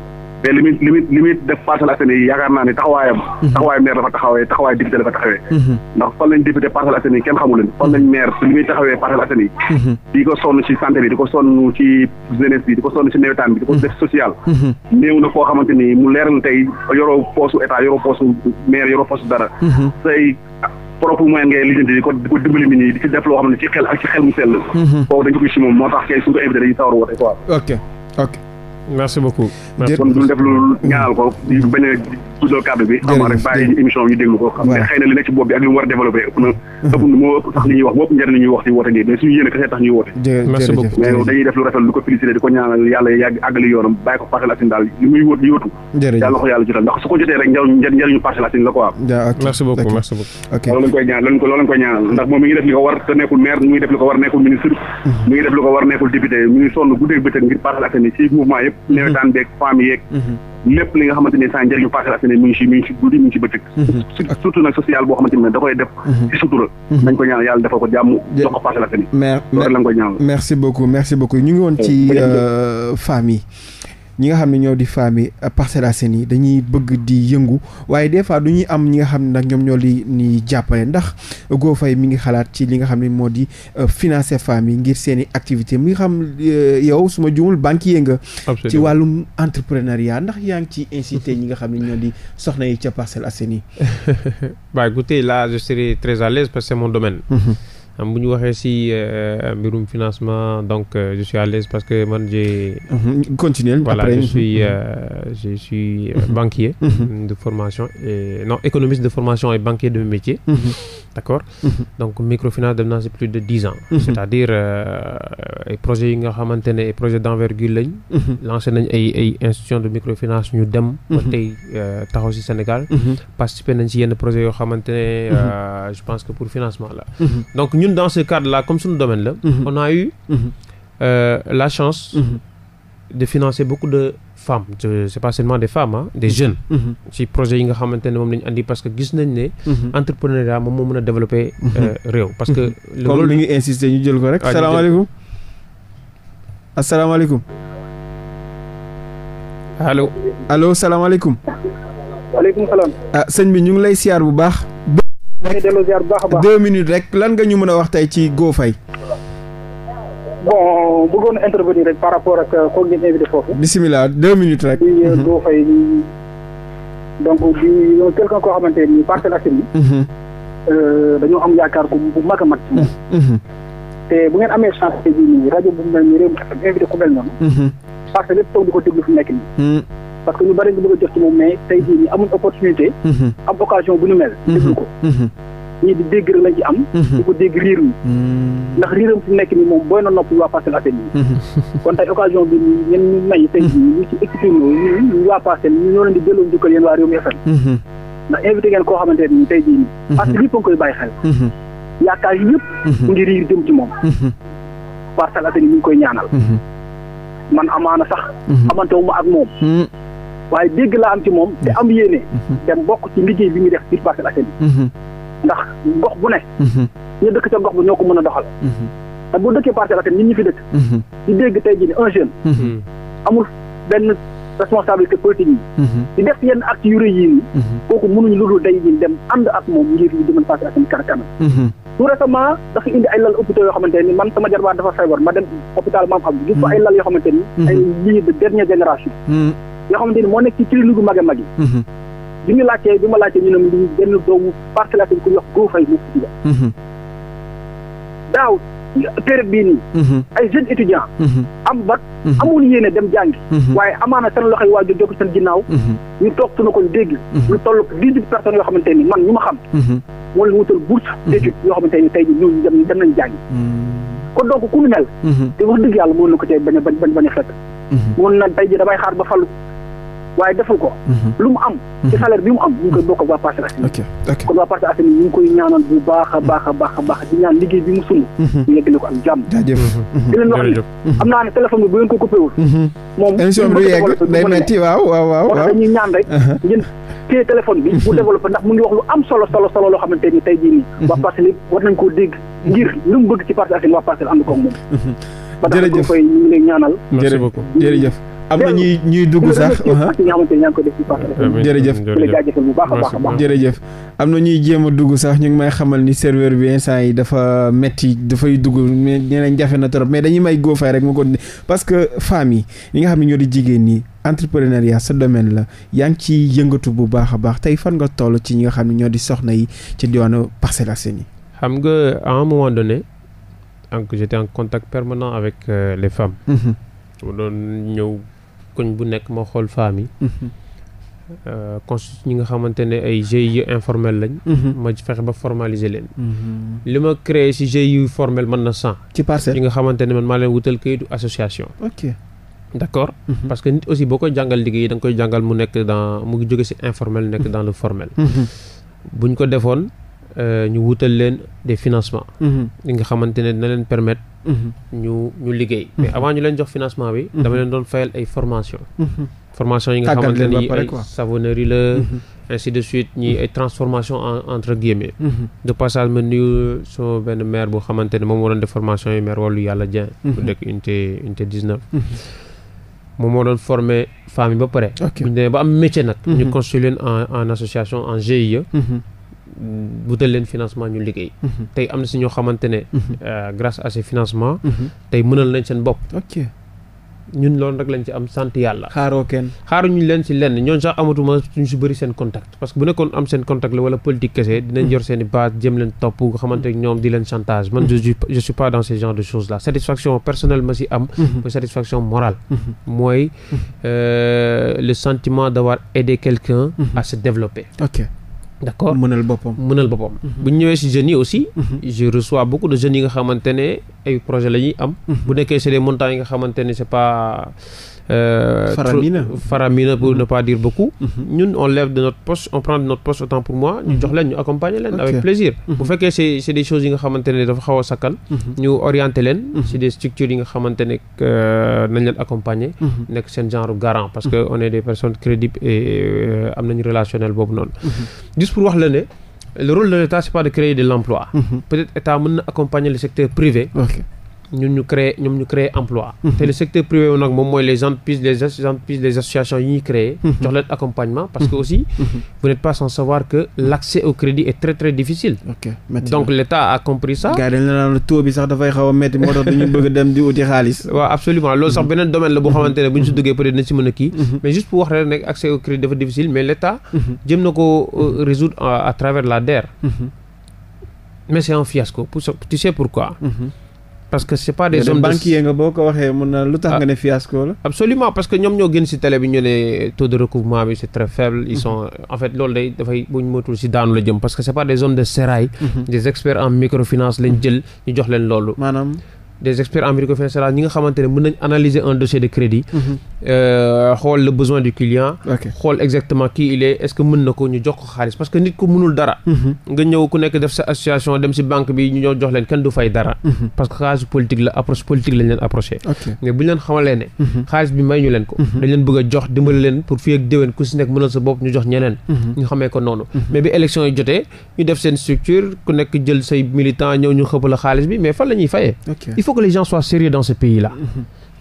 mais li muy li def Parcelles Assainies yi yaakaar naa ne taxawaayam mm-hmm. taxawaay maire dafa taxawee taxawaay député dafa taxawee mm-hmm. ndax fan lañ député Parcelles Assainies yi kenn xamu leen fan maire li taxawee Parcelles Assainies yi di ko sonn ci santé bi di ko sonn ci jeunesse bi di ko sonn ci nawetaan bi di ko def social néew na koo xamante ni mu leer na tey yoroo propre moyen ngay lijjanti di ko di ko dimbali ne ci xel mu sell. boobu mhm. dañ ko gis moom moo tax kay suñu invité dañuy sawar woote
ok. merci beaucoup. merci kon duñ def
ñu koy ñaanal ndax moom mi ngi def li ko war te nekkul maire mi ngi def li ko war nekkul ministre mhm. mi ngi def li ko war nekkul député mi ngi sonn guddeeg bëccëg ngir Parcelles Assainies ci mouvement yëpp beeg mhm. nawetaan beeg femmes yeeg
mhm.
lépp li nga xamante ni saa njëriñu Parcelles Assainies mi ngi si mi ngi si guddi mi mhm. surtout nag social boo xamante ni da koy def si sutura nañ ko ñaanal yàlla defal ko jàmm jox ko Parcelles Assainies loolu lañ ko ñaanal merci
beaucoup merci beaucoup ñu ngi woon ci euh, femmes ñi nga xam ne ñoo di famille euh, Parcelles yi dañuy bëgg di yëngu waaye des fois du ñuy am ñi nga xam ne nag ñoom ñoo li ni jàppale ndax Go Faye mi ngi xalaat ci li nga xam ne moo di euh, financer famille ngir seen i activité mi nga xam euh, yow su ma juumul banquier nga ci wàllum entrepreneuriat ndax yaa ngi ci incité ñi nga xam ne ñoo di soxna yi ca Parcelles Assainies
bah écoutez là je serai à l'aise parce que c'est am ñu waxee si euh, mbirum financement donc euh, je suis à l'aise parce que man j'ai mhm. continuer voilà après. je suis mhm. euh, je euh, mhm. banquier de formation et non économiste de formation et banquier de métier d' accord. Mm-hmm. donc microfinance dem naa si plus de dix ans. Mm-hmm. c' est à dire euh, ay yi nga xamante ne ay projets d' envergure lañ. Mm-hmm. lancé nañ ay ay institutions de microfinance ñu dem. ba tey euh, taxaw si Sénégal. participer nañ si yenn projet yoo xamante ne euh, je pense que pour financement la. donc ñun dans ce cadre là comme suñu domaine la. on a eu la chance. de financer femmes c'est pas seulement des femmes ah des mhm. jeunes ci mhm. projet yi nga xamante ne moom lañu andi parce que gis nañ ne mhm. entrepreneuriat
moom moo mën a développer euh, réew parce que comme li ngi insister ñu jël ko rek ah, asalaamaaleykum asalaamaaleykum allo allo salaamaaleykum waaleykum salaam ah sëñ bi ñu ngi lay siyaar bu baax deux minutes rek lan nga ñu mën a wax tey ci Go Faye
bon bëggoon intervenir rek par rapport ak kooku euh, ngeen invité foofu.
bisimilah deux minutes rek. di euh, mhm. doo
fay donc di euh, quelqu'un koo xamante ni Parcelles Assainies yi. Mhm. dañoo am yaakaar ku bu mag a mag.
Mhm.
te bu ngeen amee chance te bii nii rajo bu mel ni réew mi invité ku mel noonu. parce que lépp bari nga bëgg a jot ci moom mais tey jii nii amuñ opportunité. am occasion bu ñu mel. déglu ko. ñii di dégg rek lañ ci am. Mhm. di ko dégg riiruñ. Mm. ndax riiram fi nekk ni moom booy na nopp waa Parcelles Assainies yi. Mhm. kon tey occasion bi ñun may tey jii mhm. ñu ci exprimer ñun ñu waa Parcelles ñu ñoo leen di delloo njukkal yéen waa Rewmi FM. ndax invité ngeen koo xamante ne tey jii nii. parce a ngi koy bàyyi xel. yaakaar yi yëpp. ngi riir jëm ci moom. Parcelles Assainies ñu ngi koy ñaanal. man amaana sax. amantewuma ak moom. waaye dégg laa am ci moom te am yéene. bi ñu def biir ndax gox bu ne. Mhm. ñu dëkk ca gox bu ñoo ko mën a doxal. Mhm. te bu dëkkee Parcelles Assainies nit ñi fi dëkk. Mhm. di dégg tey jii un jeune. amul benn responsabilité politique yi. di def yenn actes yu rëy yi nii. kooku mënuñ lu dul day ñi dem ànd ak moom ngir ñu demoon Parcelles Assainies
kanam
dafa indi ay lal hôpitaux yoo xamante ni man sama jarbaat dafa feebar ma dem hôpital Maam Abdou gis fa ay lal yoo xamante ay lits de dernière génération.
yoo
moo nekk ci clinique yu mag a du ñu laajtee bi ma laajtee ñu ne mu benn doomu Parcelles Assainies ku ñuy wax Go Faye moo ko tuddee. Mhm. daaw période bii nii. Mhm. ay jeunes étudiants. Mhm. am bac. amul yéene dem jàngi. waaye amaana seen loxo yi waajur jóg seen ginnaaw. ñu toog suñu ko dégg. lu toll dix huit personnes yoo xamante ni man ñu ma xam. moo leen wutal bourse d'études yoo xamante ni tey jii ñooñu dem dem nañ jàngi. kon donc ku ñu mel. te wax dëgg yàlla mënoon na ko cay bañ a bañ bañ a fekk. mënoon na tey jii damay xaar ba falu. waaye deful ko. Mhm. lu mu am. Mhm. ci salaire bi mu am ñu ngi koy bokk ak waa Parcelles Assainies. ok ok kon waa Parcelles Assainies ngi koy ñaanal bu baax a baax a baax a baax di ñaan liggéey bi mu sunu. Mhm. ñu yegg na ko ak jàmm. di leen wax ni am naa ne téléphone bi bu ngeen ko coupé wul. moom émission bi du yegg day metti waaw waaw waaw uh-huh. uh-huh. mu ngi wax lu am solo solo solo loo xamante ni tey jii nii. Uh-huh. waa Parcelles yi war nañ koo dégg ngir lu mu bëgg ci Parcelles Assainies waa Parcelles ànd ko moom
ba tax ñu koy ñu ngi lay jërëjëf am na ñuy ñuy dugg sax jërëjëf jërëjëf am na ñuy jéem a dugg sax ñu ngi may xamal ni serveur bi instant yi dafa metti dafay dugg mais ñeneen jafe na trop mais dañuy may góofaay rek mu ko parce que femmes yi ñi nga xam ne ñoo di jigéen ñi entrepreneuriat sa domaine la yaa ngi ci yëngatu bu baax a baax tey fan nga toll ci ñi nga xam ne ñoo di soxna yi ci diwaanu Parcelles Assainies yi
xam nga à un moment donc j'étais en contact permanent avec euh, les femmes. mu mm-hmm. doon ñëw koñ bu nekk ma xool femmes yi. Mm-hmm. Euh, constitué ñu nga xamante ne ay yu informel lañ. Mm-hmm. ma fexe ba formaliser leen. li ma ci ge yu formel mën na cent. ci parcelle yi nga xamante ne man maa leen wutal këyitu association. ok parce que nit aussi boo koy jàngal liggéey da koy jàngal mu nekk dans mu ngi jóge si informel nekk dans le formel. buñ ko defoon. Euh, ñu wutal leen des financement mm-hmm. li nga xamante ne dina leen permettre. Mm-hmm. ñu ñu liggéey. mais mm-hmm. avant ñu leen jox financement bi. dama leen doon fayal ay formation formation yi nga xamante ne ay savonnerie la. de suite ñi ay transformation entre guillemets. de passage ma nuyu benn maire boo xamante ne moom moo de formation yi maire wàllu yàlla Dieng. bu dëkk unité unité 19. moom moo doon formé femme yi ba pare. bu ba am métier nag. ñu construire leen en en association en GIE. wutal leen financement ñu liggéey. Mhm. tey am na si ñoo xamante ne. Mhm. Euh, grâce à ces financements. Mhm. tey mënal nañ seen bopp. ok ñun loolu rek lañ ci am sant yàlla. xaaroo kenn xaar ñu leen si lenn ñooñu sax amatuma suñ si bari seen contact. parce que bu nekkoon am seen contact la wala politique kese dinañ yor seen i jëm leen topp xamante ñoom di leen chantage. man je suis je suis pas dans ce genre de choses là satisfaction personnelle ma si am. mooy satisfaction morale. mooy euh, d' accord mënal boppam mënal boppam. Mhm. bu ñu ñëwee si jeunes yi aussi. Mhm. je reçois beaucoup de jeunes nga xamante ne ay projet la ñuy am. Mhm. bu nekkee c' est des yi nga xamante ne c' pas. Euh, faramina faramina pour mhm. ne pas dire beaucoup. Mhm. ñun on lève de notre poste on prend de notre poste autant pour moi. ñu jox mhm. leen ñu accompagner leen. avec plaisir. bu fekkee c'est c'est des yi nga xamante ne dafa xaw a sakkan. ñu orienter leen. c'est des structures yi nga xamante ne euh, nañ leen accompagner. nekk seen genre garant parce que on est des personnes crédibles et euh, am nañu relationnel boobu noonu. juste pour wax la ne. le rôle de l'État c'est pas de créer de l'emploi. peut-être État mën na accompagner ñu créer ñoom ñu créer emploi mhm. te le secteur privé wu nag moom mooy les entreprises les entreprises les associations yi ñuy créer mhm. jox leen accompagnement parce que mhm. aussi vous n'êtes pas sans savoir que l'accès au crédit est très très difficile
donc l'État a compris ça gars la naan taux sax dafay xaw a moo tax dañu bëgg dem di uti xaalis
waaw absolument loolu sax beneen domaine la boo xamante bu ñu si duggee peut-être nañ si mën a kii mais juste pour wax rek parce que c'est pas des hommes de banquier
nga boo ko waxee mun na lu tax ah. nga ne fiasco la.
absolument parce que ñoom ñoo gën ci télé bi ñu ne taux de recouvrement bi c'est très faible. ils sont mhm. en fait loolu day dafay bu ñu motul ci daanu la jëm parce que c'est pas des hommes de sérail. Mhm. des experts en microfinance lañ jël ñu jox leen loolu. des experts en microfinance ñi nga xamante ne mën nañ analyser un dossier de crédit. Mhm. Euh, xool mm -hmm. euh, le besoin du client. xool exactement qui il est ce que mën na ko ñu jox ko xaalis parce que nit ku mënul dara. Mhm. nga ñëw ku nekk def sa association dem ci banque bi ñu jox leen kenn du fay dara. Mhm. parce que xaalis politique la approche politique lañ leen approché. mais bu ñu leen ko. dañ leen bëgg a jox dimbali leen pour fii ak déwén ku ci nekk mënal sa bopp ñu la xaalis bi il faut que les gens soient sérieux dans ce
pays là.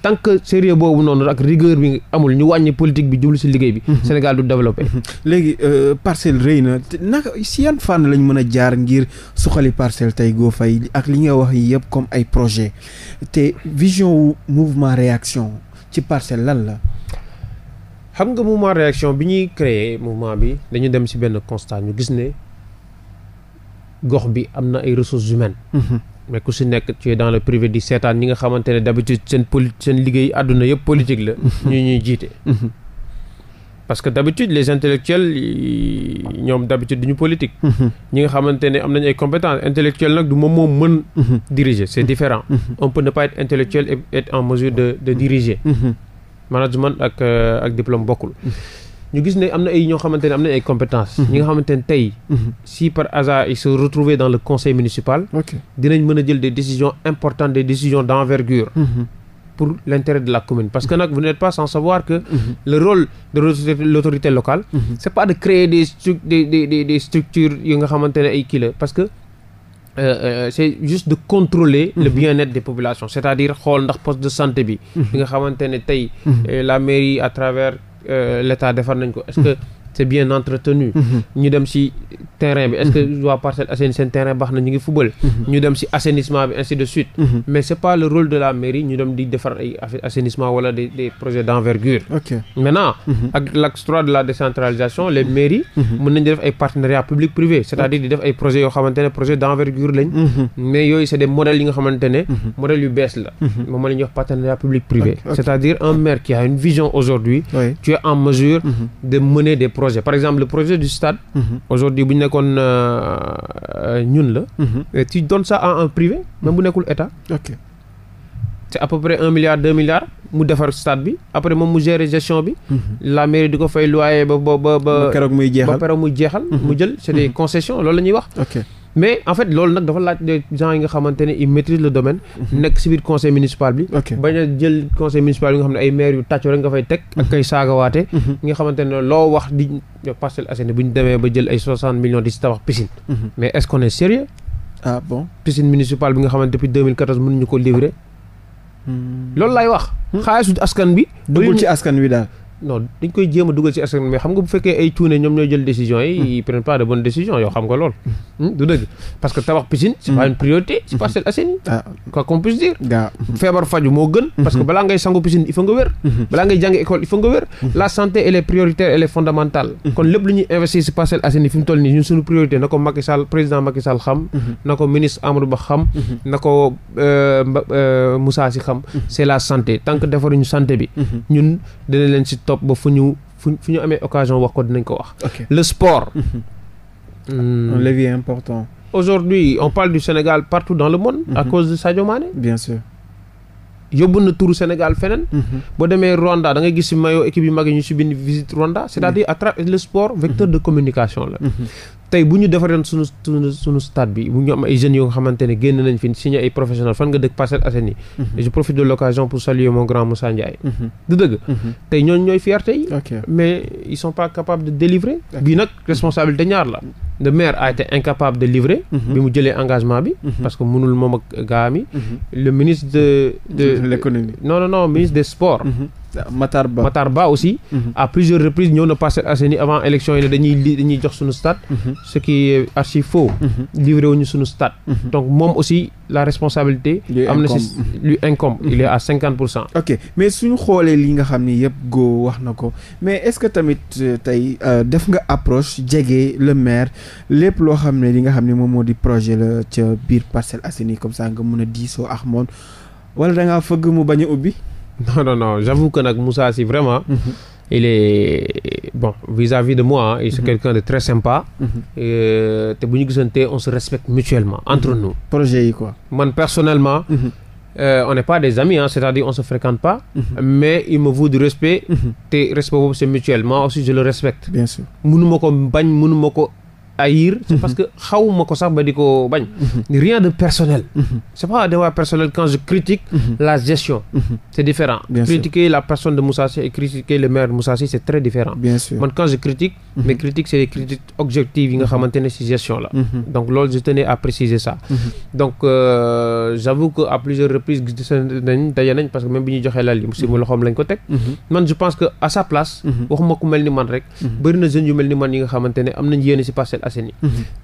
tant que sérieux boobu noonu ak rigueur bi amul ñu wàññi politique bi jublu si liggéey bi. Mhm. Sénégal du développé. Mhm. léegi euh, parcelle rëy na naka si yan fànn lañ mën a jaar ngir suqali parcelle tey goo fay ak li nga wax yëpp comme ay projet te vision wu mouvement réaction ci parcelle lan la.
xam nga mouvement réaction bi ñuy créer mouvement bi dañu dem si benn constat ñu gis ne gox bi am na ay ressources humaines. Mhm. mais ku si nekk tu es dans le privé di seetaan ñi nga xamante ne d'habitude seen poli seen liggéey àdduna yëpp politique la. ñu ñuy jiite. Mhm. parce que d'habitude les intellectuels ñoom d'habitude du ñu politique. Mhm. ñi nga xamante ne am nañ ay compétence intellectuelles nag du moom moo mën. Mhm. diriger c'est différent. on peut ne pas être intellectuel et être en mesure de de diriger. management ak euh, ak diplôme bokkul. ñu gis ne am na ay ñoo xamante ne am na ay compétence mhm. ñi nga xamante ne tey. Mhm. si par hasard ils se retrouvaient dans le conseil municipal. dinañ mën a jël des décisions importantes des décisions d'envergure. Mhm. pour l'intérêt de la commune parce que nag vous n'êtes pas sans savoir que le rôle de l'autorité locale c'est pas de créer des des des des structures yu nga xamante ay kii parce que euh, euh, c'est juste de contrôler le bien-être des populations c'est-à-dire xool ndax poste de santé bi bi nga xamante ne tey euh, la mairie à travers Euh, l'État defar nañ ko est c'est bien entretenu. Mhm. ñu dem ci terrain bi. est-ce que mhm. terrain baax na ngi football. Mhm. ñu dem ci assainissement bi ainsi de suite. mais c'est pas le rôle de la mairie ñu dem di defar ay assainissement wala des projets d'envergure. ok maintenant. ak l'axe de la décentralisation les mairies. mën nañu def ay partenariats public privé c'est-à-dire di def ay projets yoo xamante ne d'envergure lañ. mais yooyu c'est des modèles yi nga xamante ne. yu bees a une projet par exemple le projet du stade. Mhm. aujourd'hui bu ñu nekkoon euh, euh, ñun la. Mhm. tu donnes ça à un privé. même bu nekkul état. ok c'est à peu près un milliard deux milliards mu defar stade bi après moom mu gérer gestion bi. Mhm. la mairie di ko fay loyer ba ba ba. ba ba keroog muy jeexal. mu jël c'est des concessions loolu la wax. mais en fait loolu nag dafa laaj des yi nga xamante ne ils maîtrisent le domaine. Mhm. nekk si biir conseil municipal bi. bañ a jël conseil municipal bi nga mhm. mhm. xamante ne loo wax di Parcelles Assainies bu ñu demee ba jël ay 60 millions di si tabax piscine. mais est sérieux ah bon bi nga xamante depuis 2014 mënuñu ko livrer. Hmm. loolu laay wax. Hmm? xaalisu askan bi. duggul ci askan wi daal. non dañ koy jéem a dugal ci askan mais xam nga bu fekkee ay cuune ñoom ñooy jël décision yi hmm. ils hmm. Hmm, parce que tabax piscine c'est pas une priorité c'est Parcelles Assainies ah. quoi qu'on feebar faju moo gën parce que balaa ngay sangu piscine il faut nga wér balaa ngay jàng école il faut nga wér la santé elle est prioritaire elle est fondamentale kon lépp lu ñuy investir ci Parcelles Assainies fi mu toll nii ñun suñu priorité na ko Macky Sall président Macky xam na ko ministre euh, euh, la santé tant que defaruñu santé topp fu ñu fu fu ñu amee occasion wax ko dinañ ko wax. le sport. un hmm.
levier important.
aujourd'hui on parle du Sénégal partout dans le monde. à mhm. cause de Sadio Mané. bien sûr. yóbbu na turu Sénégal feneen. Mhm. boo demee Rwanda da ngay gis maillot équipe yu mag yi ñu si bind visite Rwanda. c'est-à-dire mhm. à travers sport vecteur de communication la. tey bu ñu defaroon sunu stade bi bu ñu am ay jeunes yoo xamante ne génn nañ fi signé ay professionnels fan nga dëkk Parcelles Assainies mhm. je profite de l'occasion pour saluer mon grand Moussa Ndiaye mhm. du dëgg mhm. tey ñooñu ñooy fierté yi mais ils sont pas capables de délivrer bii nag responsabilité ñaar la le maire a été incapable de livrer bi mu jëlee engagement bi parce que mënul moom ak gaa mi le ministre de de l'économie non non non ministre des sports Matar Ba Matar Ba aussi. Mhm. à plusieurs reprises ñëw na Parcelles Assainies avant élection yi ne dañuy li dañuy jox suñu stade. Mhm. ce qui est archi faux. Mhm. livré wuñu suñu stade. donc moom aussi la responsabilité. am na si lui incombe il est à
cinquante pour cent. ok mais suñu xoolee li nga xam ni yëpp góo wax na ko mais est-ce que tamit euh, tey euh, def nga approche jege le maire lépp loo xam ne li nga xam ne moom moo di projet la ca biir Parcelles Assainies comme ça nga mën a diiso ak moom wala da ngaa fëgg mu bañ a ubbi. non non non j'avoue que nag Moussa vraiment. Mhm. il est
bon vis-à-vis de moi. il est mhm. quelqu'un de très sympa. Mhm. Euh, te bu ñu gisantee on se respecte mutuellement entre nous. projet yi quoi. man personnellement. Euh, on n'est pas des amis c'est-à-dire on se fréquente pas. mais il me vaut du respect. te respect boobu c'est mutuel aussi je le respecte. bien sûr mënu ma ko haïr c'est mhm. parce que xawuma ko sax ba di ko bañ mhm. rien de personnel mhm. c'est pas des voies personnelles quand je critique la gestion c'est différent critiquer la personne de Moussa et critiquer le maire de c'est très différent man quand je critique mes critiques c'est des critiques objectives yi nga xamante ci gestion la donc loolu je tenais à préciser ça donc euh, que à plusieurs reprises gis nañ nañ parce que même bi ñuy joxee lal yi si mu Assainies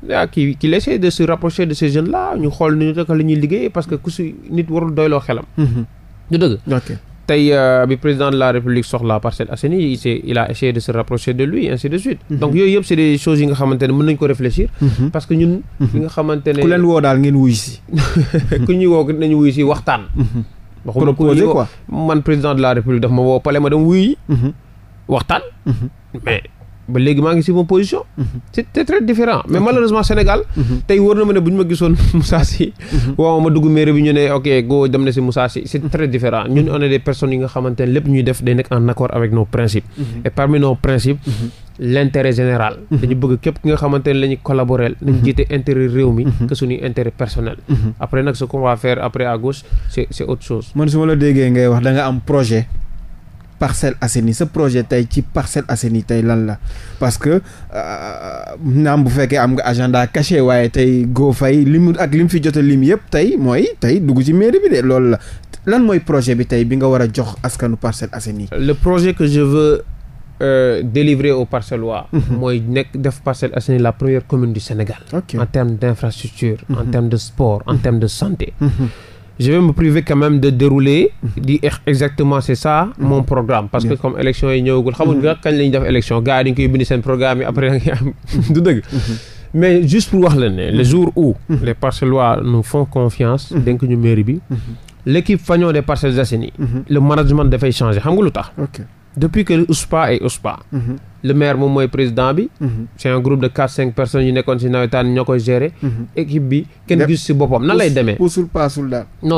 waaw qui qui de se rapprocher de ces jeunes là ñu xool nu naka la liggéey parce que ku si nit warul doyloo xelam mhm. du dëgg tey euh, bi président de la république soxla Parcelles Assainies il s'est il a essayé de se rapprocher de lui ainsi de suite mhm. donc yooyu yëpp c'est des choses yi nga xamante mën nañ ko réfléchir mhm. parce que ñun yi nga xamante ku leen
woo daal ngeen wuyu si
ku ñuy woo nañu wuyu si waxtaan man président de la république daf ma ba léegi maa ngi si ma position. Mhm. c'est très différent mais malheureusement Sénégal. Mhm. tey wóor na ma ne bu ñu ma gisoon Moussa Sy. Mhm. waaw ma dugg mairie bi ñu ne ok go dem na si Moussa Sy c'est très différent ñun on est des personnes yi nga xamante ne lépp ñuy def day nekk en accord avec nos principes. et parmi nos principes. l'intérêt général dañu bëgg képp ki nga xamante ne la ñuy collaborer nañu jiite intérêt réew mi que suñuy intérêt personnel après nag ce qu'on va après à gauche
man su ma la déggee ngay wax da nga am projet Parcelles Assainies sa projet tey ci parcelle Assainies tey lan la parce que euh, naam bu fekkee am nga agenda caché waaye tey Go Faye li mu ak li mu fi jot a lim yëpp tey mooy tey dugg ci mairie bi de loolu la lan mooy projet bi tey bi nga war a jox askanu Parcelles Assainies.
le projet que je veux euh, délivrer aux Parcellois. Mhm. mooy nekk def Parcelles Assainies la première commune du Sénégal. Okay. en
termes d'infrastructure.
Mm -hmm. en mhm. termes de sport en mm de santé. Mhm. je vais me priver quand même de dérouler. Mhm. di exactement c' ça mhm. mon programme. parce que comme élection yi ñëwagul xamuñ mhm. nga kañ la ñuy def élection gars yi dañu koy bind programme après da ngay am du dëgg. mais juste pour wax la ne le jour où. les Parcellois nous font confiance. dénk ñu mairie bi. l' équipe Fagnon des Parcelles Assainies. le management dafay changer xam nga lu tax. depuis que USPA et USPA. Mhm. le maire moom mooy président bi. Mhm. c' groupe de quatre cinq personnes yu nekkoon si nawetaan ñoo koy gérer. Mhm. équipe bi kenn gis si boppam nan lay demee. puusul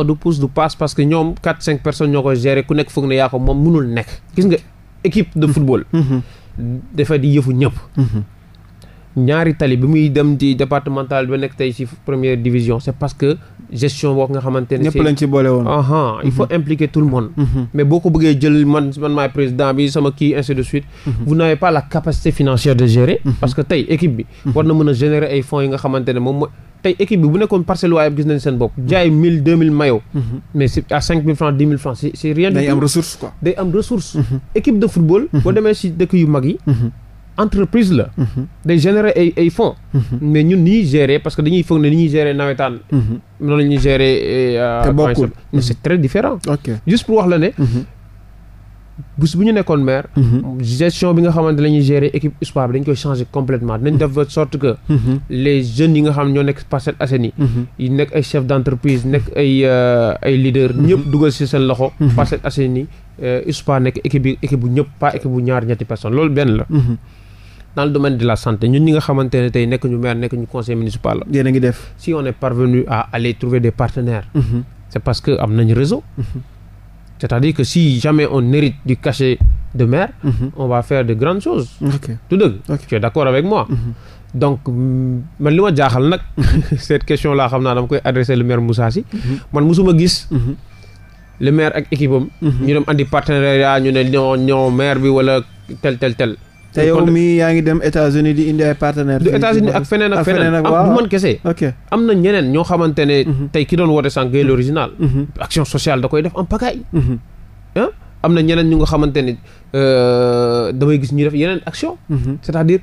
du puus du paas parce que ñoom quatre cinq personnes ñoo koy gérer ku nekk foog ne yaa ko moom munul nekk. gis nga équipe de football. dafa yëfu ñëpp. ñaari tali bi muy dem di départemental ba nekk tey ci première division c'est parce que gestion boobu nga xamante ne. ñëpp lañ ci boole woon. il faut mhm. impliquer tout le monde. Mhm. mais boo ko bëggee jël man maay président bi sama kii ainsi de suite. Mhm. bu nekkoon parcelle waaye gis nañ seen bopp. jaay 1000 2000 maillots. mais à 5000 francs 10 000 francs c' est c' est day am ressource. équipe de football. boo demee si dëkk yu mag yi. entreprise la. Mhm. day générer ay ay fonds. Mhm. mais ñun ni ñuy parce que dañuy foog ne ni ñuy gérer nawetaan. Mhm. noonu la ñuy gérer. Euh, te bokkul mais c' est très différent. juste pour wax la ne. bés bu ñu nekkoon maire. gestion bi nga xamante la ñuy gérer équipe espoir bi dañ koy changer complètement dinañ def de sorte que. les jeunes yi nga xam ñoo nekk Parcelles Assainies yi nekk ay chef d' entreprise nekk ay euh, ay leaders. ñëpp dugal si seen loxo. Parcelles Assainies yi euh, espoir nekk équipe bi équipe bu ñëpp pas équipe bu ñaar ñetti personnes loolu benn dans le domaine de la santé ñun ñi nga xamante ne tey nekk ñu maire nekk ñu conseil municipal. yéen a ngi def si on est parvenu à aller trouver des partenaires. Mm parce que am nañu réseau. Mm mm-hmm. à dire que si jamais on hérite du cachet de maire. Mm -hmm. on va faire de grandes choses. ok tout dëgg. ok tu es d' accord avec moi. Mm-hmm. donc mm, man li ma jaaxal nag. cette question laa xam naa dama koy adressé le maire Moussa man mosuma gis. le maire ak équipe ñu dem andi partenariat ñu ne ñoo
te yow mii yaa ngi dem États-Unis di indi ay partenaires. du États-Unis ak feneen ak feneen ak du man kese. ok
am na ñeneen ñoo xamante ne. Mhm. tey ki doon woote sànq gay mhm. l'original. Mhm. action sociale da koy def en pagaille. ah am na ñeneen ñu nga xamante ne euh, damay gis ñuy def yeneen action. c'est-à-dire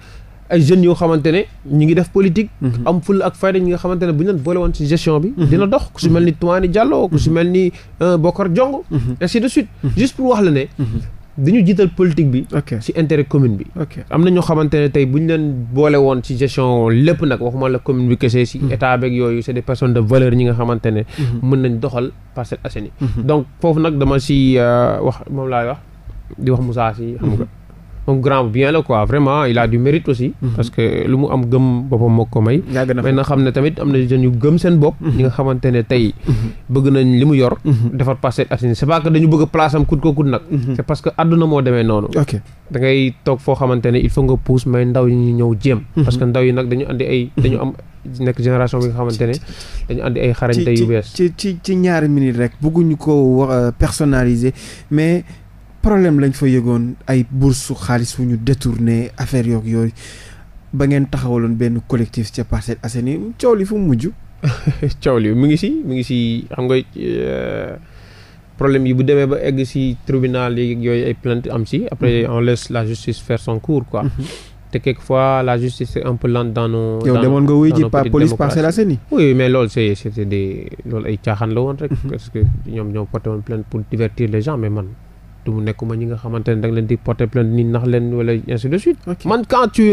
ay jeunes yoo xamante ne ñu ngi def politique. am ful ak fayda ñi nga xamante ne bu ñu leen boole woon ci gestion bi. dina dox ku si mel ni Toumani Diallo ku si mel ni euh, Bokar Diongo. ainsi de suite. juste pour wax la ne. dañu jiital politique bi. ci intérêt commune bi. am na ñoo xamante ne tey leen boole woon ci gestion lépp nag waxuma la commune bi kese ci mhm. état beeg yooyu c'est des personnes de valeur ñi nga xamante ne. Mhm. mën nañ doxal Parcelles Assainies. Mhm. donc foofu nag dama ci euh, wax moom laay wax di wax Moussa ci xam nga. un grand bien la quoi vraiment il a du mérite aussi. Mhm. parce que lu mu am gëm boppam moo ko may. mais na xam ne tamit am na jeunes yu gëm seen bopp. Mhm. ñi nga xamante tey. Mhm. bëgg nañ li mu yor. defar passé at c'est pas que dañu bëgg a place am kut ko kut nag. c'est parce que àdduna moo demee noonu. ok da toog foo xamante il faut nga pousse mais ndaw yi ñu ñëw jéem. parce que ndaw yi nag dañu am. nekk génération bi nga xamante
ne dañu andi ay xarañte yu bees. ko euh, problème lañ fa yëgoon ay bourse xaalis fu ñu détourné affaire yook yooyu ba ngeen taxawaloon benn collectif ca Parcelles Assainies coow li fu mu mujj.
coow li mu ngi si mu ngi si xam nga euh, problème yi bu demee ba egg si tribunal yi yooyu ay plainte am si. après mhm. on laisse la justice faire son cours quoi. Mhm. te quelquefois la justice est un peu dans nos. yow demoon police Parcelles Assainies. oui mais loolu c' est c' était des ay caaxaan la woon rek. Mhm. parce que ñoom ñoo porté pour divertir les gens mais du mu nekkuma ñi nga xamante ne da nga leen di porter plainte ni nax leen wala ainsi de suite. Okay. man quand tu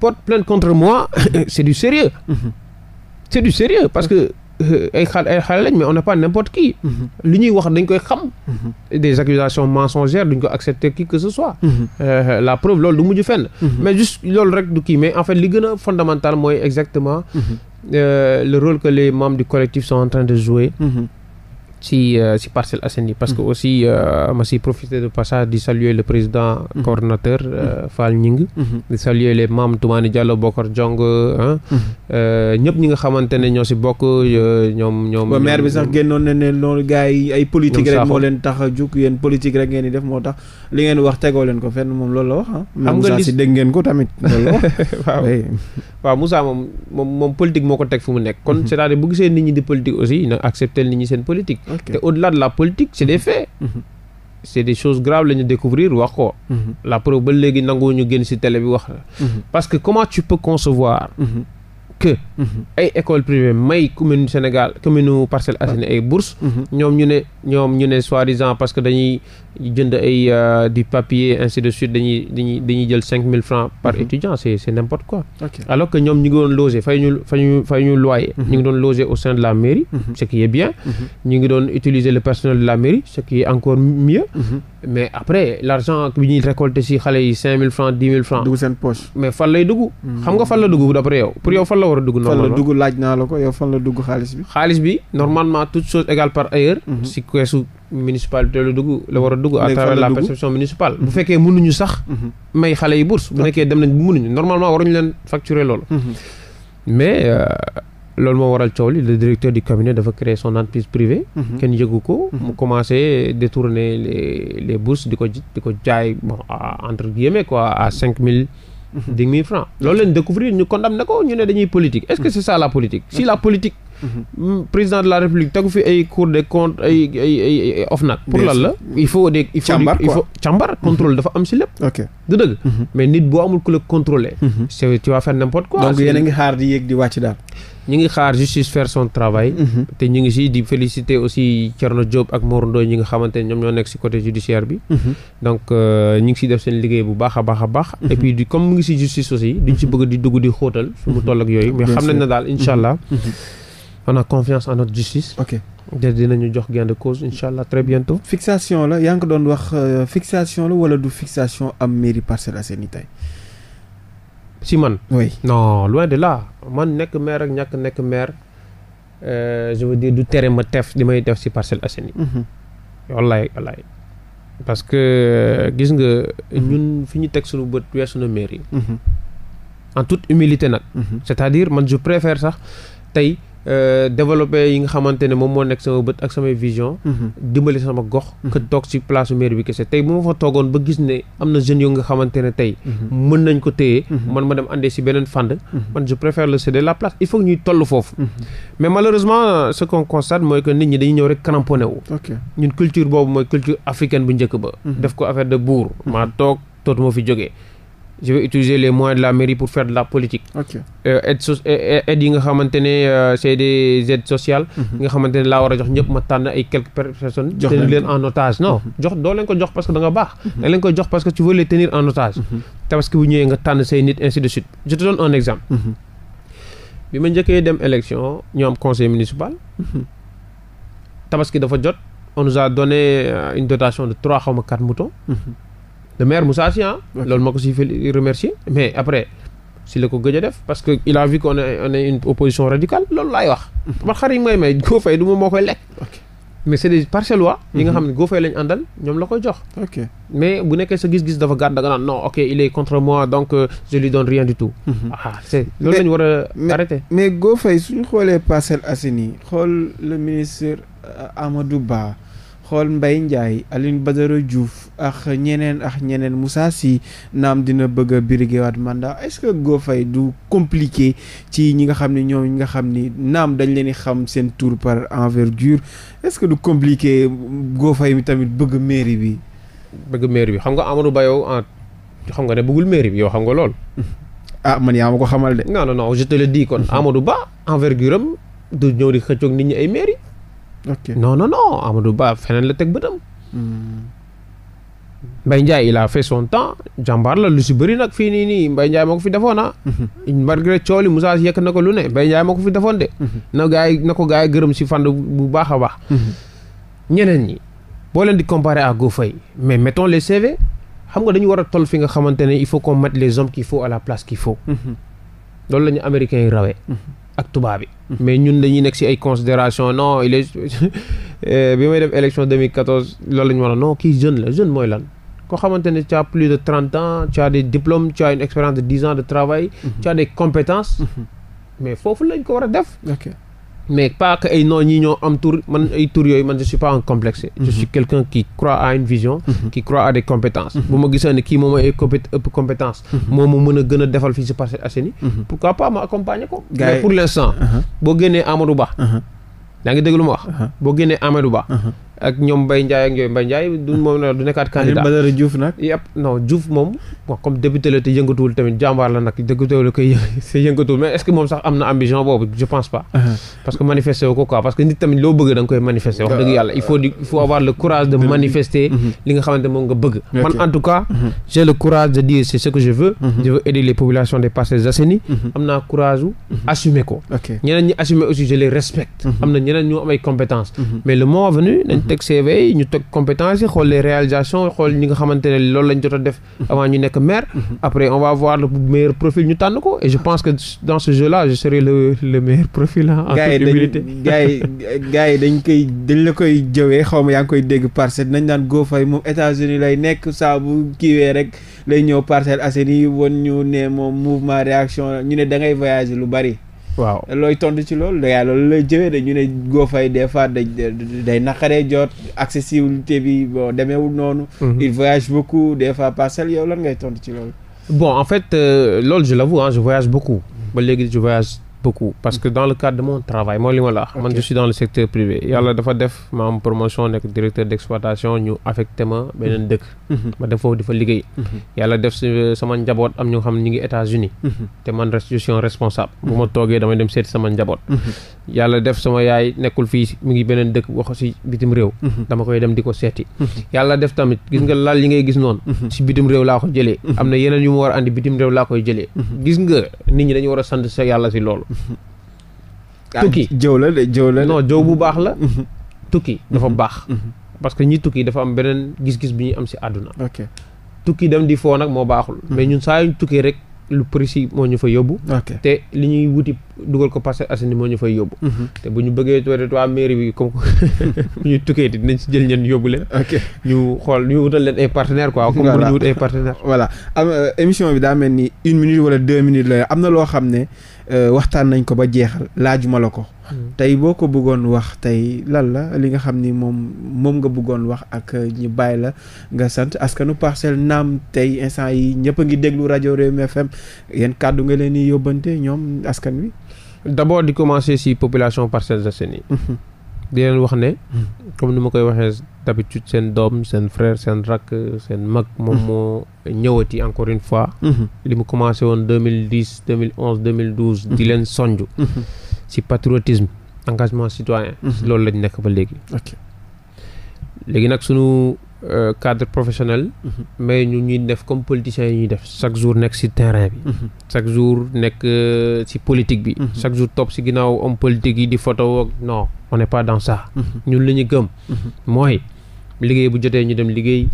portes plainte contre moi c'est du sérieux. Mm -hmm. c'est du sérieux parce que. ay euh, xal ay xale mais on n'est pas n'importe qui mhm. li ñuy wax dañ koy xam mhm. des accusations mensongères duñ ko accepter qui que ce soit mhm. euh, la preuve loolu du mujj fenn mais juste loolu rek du kii mais en fait li gën a fondamental mooy exactement euh, le rôle que les membres du collectif si euh, si Parcelles Assainies parce que mm. aussi euh, ma si profiter de passage di saluer le président mm-hmm. coordonnateur euh, mm-hmm. Fall Gning mm-hmm. di saluer les membres Toumani Diallo Bokar Diong ah ñëpp ñi nga xamante ne ñoo si bokk ñoom ñoom maire bi sax
génnoon na ne loolu gars yi ay politique rek moo leen tax a jug yéen politique rek ngeen di def moo tax li ngeen wax tegoo leen ko fenn moom loolu la wax ah nga li si dégg ngeen ko tamit loolu waaw waaw Moussa moom moom moom moo ko teg fu mu nekk
kon c'est-à-dire bu gisee nit ñi seen politique te au-delà de la politique c'est des mhm. faits. Mhm. c'est des choses graves la découvrir wax ko. Mhm. la ba léegi nanguwuñu génn ci télé bi wax. parce que comment tu peux concevoir. que ay école privée may commune Sénégal commune Parcelles Assainies ay bourse mhm. ñoom ñu ne ñoom ñu ne soi-disant parce que dañuy jënd ay euh, du papier ainsi de suite dañuy dañuy dañuy jël cinq mille francs par mhm. étudiant c'est c'est n'importe quoi alors que ñoom ñu ngi doon loger fay ñu fay ñu fay ñu loyer mhm. ñu ngi doon loger au sein de la mairie ce qui est bien ñu ngi doon utiliser le personnel de la mairie ce qui est encore mieux mais après l' argent bi ñuy récolter si xale yi cinq mille francs dix mille francs. dugg seen poche. mais fan lay dugg. xam nga fan la dugg d' après yow pour yow fan la war a dugg. normalement fan la dugg laaj naa la ko yow xaalis bi. xaalis bi normalement toute chose égale la dugg la war a dugg. à travers la perception municipale. Mhm. bu fekkee mënuñu sax. Mhm. may xale yi bourse bu nekkee dem nañ bu mënuñu normalement waruñu leen facturer loolu. Mhm. mais. Euh, loolu moo waral coow li le directeur du cabinet dafa créer son entreprise privée. Mhm. kenn yëgu ko. Mhm. mu commencé détourner les les bourses di ko di ko jaay bon entre guillemets quoi à cinq mille. Mhm. dix mille leen découvrir ñu condamné ko ñu ne dañuy politique. est-ce que c'est ça la politique si la politique. Mm-hmm. président de la république tegu fi ay cour des comptes ay ay ay pour lan la il faut des il faut il faut càmbar mm-hmm. dafa am si lépp ok du dëgg mm-hmm. mais nit boo amul ku la contrôler c'est tu vas n'importe quoi donc a ngi xaar di yéeg di wàcc daal ñu ngi xaar justice faire son travail te ñu ngi si di féliciter aussi Thierno Diop ak Mor Ndoye ñi nga xamante ne ñoom ñoo nekk si côté judiciaire bi donc euh, ñu ngi si def seen liggéey bu baax a baax a baax et puis di comme mu ngi bëgg di dugg di xóotal su mu yooyu mais xam nañ na daal incha allah
on a confiance en notre justice. ok te dinañu jox gain de cause incha allah très bientôt. fixation la yaa ngi ko doon wax euh, fixation la wala du fixation am mairie Parcelles Assainies tey.
si man. oui non loin de là man nekk maire ak ñàkk nekk maire euh, je veux dire du tere ma tef li may def si Parcelles Assainies. Mhm. wallaay wallaay. parce que euh, gis nga ñun fi ñu teg suñu bët weesu na mairie. Mhm. en toute humilité nag. Mhm. c'est-à-dire man je préfère sax Euh, développé yi nga xamante ne moom moo nekk sama bët ak samay vision. Mhm. dimbali sama gox. Mhm. que toog si place maire bi kese tey bu ma fa toogoon ba gis ne am na jeunes yu nga xamante ne tey. Mhm. mën nañ ko téye. man ma dem andee si beneen fànn. man je préfère le céder la place il faut ñuy toll foofu. mais malheureusement ce constate mooy que nit ñi dañuy ñëw rek cramponné wu. ñun culture boobu mooy culture africaine bu njëkk ba. def ko affaire de buur maa toot moo fi jógee. je vais utiliser les moyens de la mairie pour faire de la politique. ok euh, aide so euh, euh, yi nga xamante ne c' est des aides sociales. Mhm. nga xamante ne laa war a jox ñëpp ma tànn ay quelques personnes. jox leen leen en otage non mhm. jox doo leen ko jox parce que da nga baax. Mhm. da leen ko jox parce que tu veux les tenir en otage. tabaski bu ñëwee nga tànn say nit ainsi de suite je te donne un exemple. bi ma njëkkee dem élection ñu am conseil municipal. tabaski dafa jot on nous a donné une dotation de trois xaw ma quatre moutons. le maire Moussa Sy ah. loolu ma ko si remercier mais après si la ko gëj def parce que il a vu qu'on est une opposition radicale loolu laay wax. Mhm. man xar yi may may Go du ma moo koy lekk. mais c'est des parcellois yi nga mhm. xam ne Go Faye lañ àndal ñoom la koy jox. ok mais bu nekkee sa gis-gis dafa gàtt da nga naan non ok il est contre moi donc euh, je lui donne rien du tout. Mhm. Ah, loolu lañu
war a arrêter. mais Go Faye suñu xoolee Parcelles Assainies xool le ministre euh, Ba. xool Mbaye Ndiaye Alioune Badara Diouf ak ñeneen ak ñeneen Moussa Sy naam dina bëgg a birigewaat mandat est-ce que goo fay du compliqué ci ñi nga xam ne ñoom ñi nga xam ni naam dañ leen di xam seen tour par envergure est-ce que du compliqué Go Faye tamit bëgg mairie bi. bëgg mairie bi xam nga Amadou Ba yow xam nga ne bëggul mairie bi yow
xam nga lool. ah man yaa ma ko xamal de. non non non je te le dis kon Ba envergure am du ñëw di xëccoog nit ñi ay mairie. ok non non non Amadou Ba feneen la teg bëtam. Hmm. Mbaye Ndiaye il a fait son temps jàmbaar la lu si bëri nag fii nii nii Mbaye Ndiaye moo ko fi defoon ah. Hmm. malgré cooli Moussa yekk na ko lu ne Mbaye Ndiaye moo ko fi defoon de. Hmm. na gaa yi na ko gaa yi gërëm si fan bu baax a baax. ñeneen ñi boo leen di comparer à Gofay mais mettons les CV xam nga dañu war a toll fi nga xamante ne il faut qu'on mette les hommes qu'il faut à la place qu'il faut. loolu la ñu américains yi rawee. ak tubaab bi. mais ñun dañuy nekk si ay considération non il est eh, bi may dem élection 2014 loolu la ñu war a non kii jeune la jeune mooy lan. ko xamante ne tu as plus de trente ans tu as des diplômes tu as une expérience de dix ans de travail. Mhm. tu des compétences. Mhm. mais foofu lañ ko war a def. mais pas que ay non ñii ñoo am tur man ay tur yooyu man je suis pas un complexe je mhm. suis quelqu'un qui croit à une vision mhm. qui croit à des compétences mhm. bu ma gisee ne kii moom ay ëpp compétence moom mu mën a gën a defal fii si Parcelles Assainies pourquoi pas ma accompagner ko mais pour l'instant uh-huh. boo génnee Amadou Ba uh-huh. yaa ngi dégg lu ma wax uh-huh. boo génnee Amadou Ba ak ñoom Mbaye Ndiaye ak yooyu Mbaye Ndiaye du moom du nekkaat candidat Badara Diouf nag yëpp non Diouf moom bon comme député la te yëngatuwul tamit jàmbaar la nag député la koy c'est yëngatuwul mais est-ce que moom sax am na ambition boobu je pense pas uh-huh. parce que manifester wu ko quoi parce que nit tamit loo bëgg da nga koy manifester wax dëgg yàlla il faut il faut avoir le courage de manifester mm-hmm. li nga xamante moom nga bëgg man en tout cas mm-hmm. j'ai le courage de dire c'est ce que je veux mm-hmm. je veux aider les populations des Parcelles Assainies am naa courage u assumer ko ñeneen ñi assumer aussi je les respecte am na ñeneen ñu am ay compétences mais le moment venu teg CV ñu teg compétence yi xool les réalisations xool ñi nga xamante ne loolu lañ jot a def avant ñu nekk maire mhm. après on va voir le meilleur profil ñu tànn ko et je pense que dans ce jeu là je serai le le meilleur profil en toute humilité gars
gars yi dañ koy dañ la koy jëwee xaw ma yaa ngi koy dégg parcelle nañ naan goo fay moom États-Unis lay nekk saa bu kiiwee rek lay ñëw parcelle Parcelles nii woon ñu ne moom mouvement réaction ñu ne da ngay voyager lu bari waaw looy tontu ci loolu yaa loolu lay jëwee de ñu ne Go Faye des fois day day naqaree jot accessibilité bi bon demeewul noonu. Mhm. il voyage bokku des fois parcelle yow lan ngay tontu ci loolu.
bon en fait euh, loolu je l'avoue hein, je voyage beaucoup. ba léegi je voyage. beaucoup parce que dans le cadre de mon travail dem seeti sama njaboot mhm. yàlla def sama yaay nekkul fii mu ngi beneen dëkk wax si bitim réew mhm. dama koy dem di ko seeti mhm. yàlla def tamit gis nga lal yi ngay gis noonu si bitim réew laa ko jëlee am na yeneen yu ma war a bitim réew laa koy jëlee gis nga nit ñi dañu war a sant sa yàlla si loolu Ah, tukki jëw la de jëw la non jëw bu baax la mhm. tukki dafa mhm. baax mhm. parce que ñi tukki dafa am beneen gis-gis bi ñuy am si àdduna ok tukki dem di foo nag moo baaxul mais ñun saa yuñ tukki rek lu précis moo ñu fa yóbbu te li ñuy wuti dugal ko Parcelles Assainies moo ñu fa yóbbu te bu ñu bëggee toilet waa mairie bi comme bu ñuy tukkee ti dinañ si jël ñen yóbbu leen
ñu xool ñu wutal leen ay partenaire quoi comme bu ñu wut ay partenaire euh, bi daa mel ni une minute wala deux la am na loo xam ne Euh, waxtaan nañ ko ba jeexal laajuma la ko. Hmm. tey boo ko bëggoon wax tey lan la li nga xam ni moom moom nga bëggoon wax ak ñu bàyyi la nga sant askanu parcelle naam tey instant yi ñëpp ngi déglu rajo Rewmi FM yéen kàddu nga leen di yóbbante ñoom askan wi. d'abord di commencer ci
population Parcelles Assainies. Mhm. di leen wax ne. Hmm. comme ni ma koy waxee d'habitude seen doom seen frère seen rakk seen mag. Hmm. moom moo ñëwati encore une fois. Hmm. li mu commencé woon deux mille dix deux mille onze deux mille douze. di leen sonj. ci patriotisme engagement citoyen. loolu lañ nekk ba léegi. léegi nag sunu. Euh, cadre professionnel. Mhm. mais ñu ñuy def comme politiciens yi ñuy def chaque jour nekk ci terrain bi. Mhm. chaque jour nekk euh, ci politique bi. Mhm. chaque jour topp ci ginnaaw homme politique yi di photo ak non on n'est pas dans ñun li ñu gëm. mooy liggéey bu jotee ñu dem liggéey.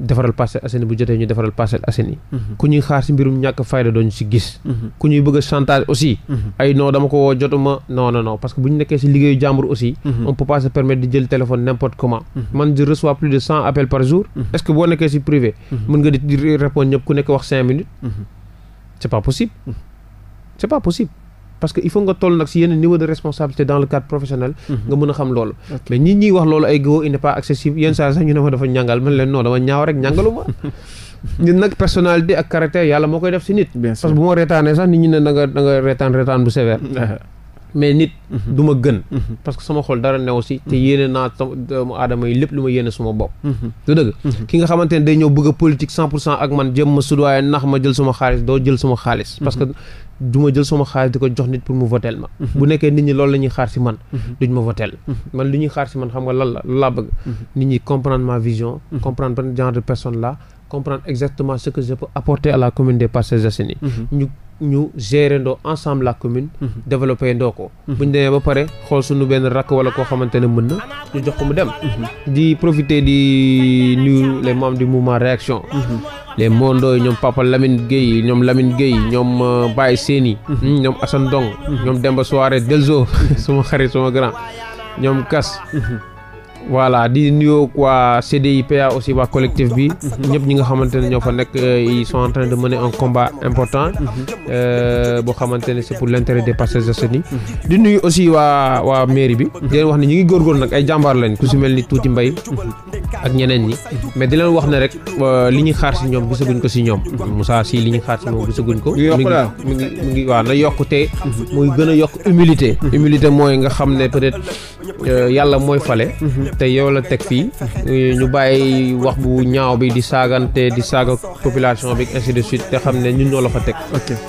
defaral Parcelles Assainies bu jotee ñu defaral Parcelles Assainies mhm. ku ñuy xaar si mbirum ñàkk fayda dooñu si gis mhm. ku ñuy bëgg chantage aussi mhm. ay non dama ko jotuma non non non parce que bu ñu nekkee si liggéeyu jàmbur aussi on peut pas se di jël téléphone n'importe comment man je reçois plus de cent appels par jour est-ce que boo nekkee si privé mën nga di répondre ñëpp ku nekk wax cinq minutes c'est pas possible c'est pas possible parce que il faut nga toll nag si yenn niveau de responsabilité dans le cadre professionnel mhm. nga mën a xam loolu mais ñi ñuy wax loolu ay go il n'est pas accessible yenn saa sax ñu ne ma dafa ñàngal man leen non dama ñaaw rek ñàngalu nit nag personnalité ak caractère yàlla moo koy def si nit parce que bu ma reetaanee sax nit ñi ne da reetaan reetaan bu sévère mais nit mhm. du ma gën mhm. parce que sama xol dara newu si te mhm. yéene naa doomu aadama yi lépp lu ma yéene suma bopp du dëgg ki nga xamante ne day ñëw bëgg a politique cent pour cent ak man jëm ma sudwaaye nax ma jël suma xaalis doo jël suma xaalis parce que du ma jël sama xaalis di ko jox nit pour mu votel ma bu nekkee nit ñi lool la xaar si man duñ ma votel man li ñuy xaar si man xam nga lan la lan laa bëgg nit ñi comprendre ma vision comprendre ban genre de personne là comprendre commune des Parcelles ñu gérer ndoo ensemble la commune. Mhm. développé ndoo ko. Mhm. bu ñu demee ba pare xool suñu benn rakk wala koo xamante ne mën na ñu jox ko mu dem. Mhm. di profiter di nuyu les membres di mouvement réaction. les Mondo yi ñoom Papa lamin Gueye ñoom lamin Gueye ñoom euh, Baye Séni. Hmm, ñoom Assane Dong. ñoom Demba Soare Delzo suma xarit suma grand ñoom Kas. voilà di nuyoo waa CDIPA aussi waa collectif bi ñëpp ñi nga xamante ne ñoo fa nekk euh, ils sont en train de mener un combat important euh, boo xamante ne c'est pour l'intérêt des Parcelles Assainies di nuyu aussi waa waa mairie bi di leen wax na ñu ngi góorgóorlu nag ay jàmbaar lañ ku si mel ni tuuti mbay ak ñeneen ñi mais di leen wax ne rek li ñu xaar si ñoom gisaguñ ko si ñoom Moussa si li ñu xaar si moom gisaguñ ko mi ngi mi ngi waa na yokkute muy gën a yokk humilité humilité mooy nga xam ne peut-être euh, yàlla mooy fale te yow la teg fii ñu bàyyi wax bu ñaaw bi di saagante di saaga population bi ainsi de suite te xam ne ñun ñoo la fa teg.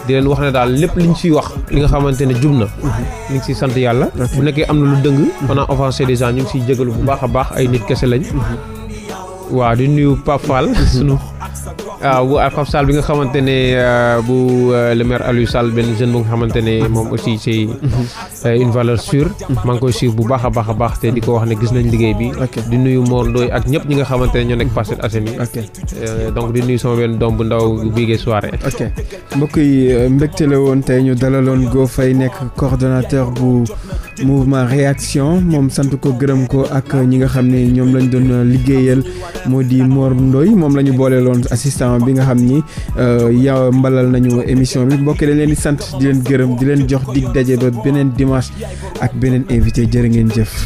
di leen wax ne daal lép li ñu ciy wax. li nga xamante ne jub na. Mhm. ñu ngi si sant yàlla. bu nekkee am na lu dëng. Mhm. on a offensé des gens ñu ngi ciy jégalu bu baax a baax ay nit kese lañ. Mhm. waa di nuyu Pape sunu waaw bu Alpha Sall bi nga xamante ne euh, bu euh, le maire Aliou benn jeune bu nga xamante ne moom aussi c'est euh, une valeur sûre. maa ngi koy bu baax a baax a baax te di ko wax ne gis nañ liggéey bi. di nuyu Mor Ndoye ak ñëpp ñi nga xamante ne ñoo nekk Parcelles Assainies yi. donc di nuyu sama benn doom bu ndaw bii ngay soirée.
ok mbokk yi mbégte la woon tey ñu dalaloon goo fay nekk coordonnateur bu mouvement réaction moom sant ko gërëm ko ak ñi nga xam ne ñoom lañ doon liggéeyal moo di Mor moom la ñu booleeloon assistant. temps bi nga xam ni euh, yow mbalal nañu émission bi mbokk dañ leen di sant di leen gërëm di leen jox dig daje ba beneen dimanche ak beneen invité jërë ngeen jëf.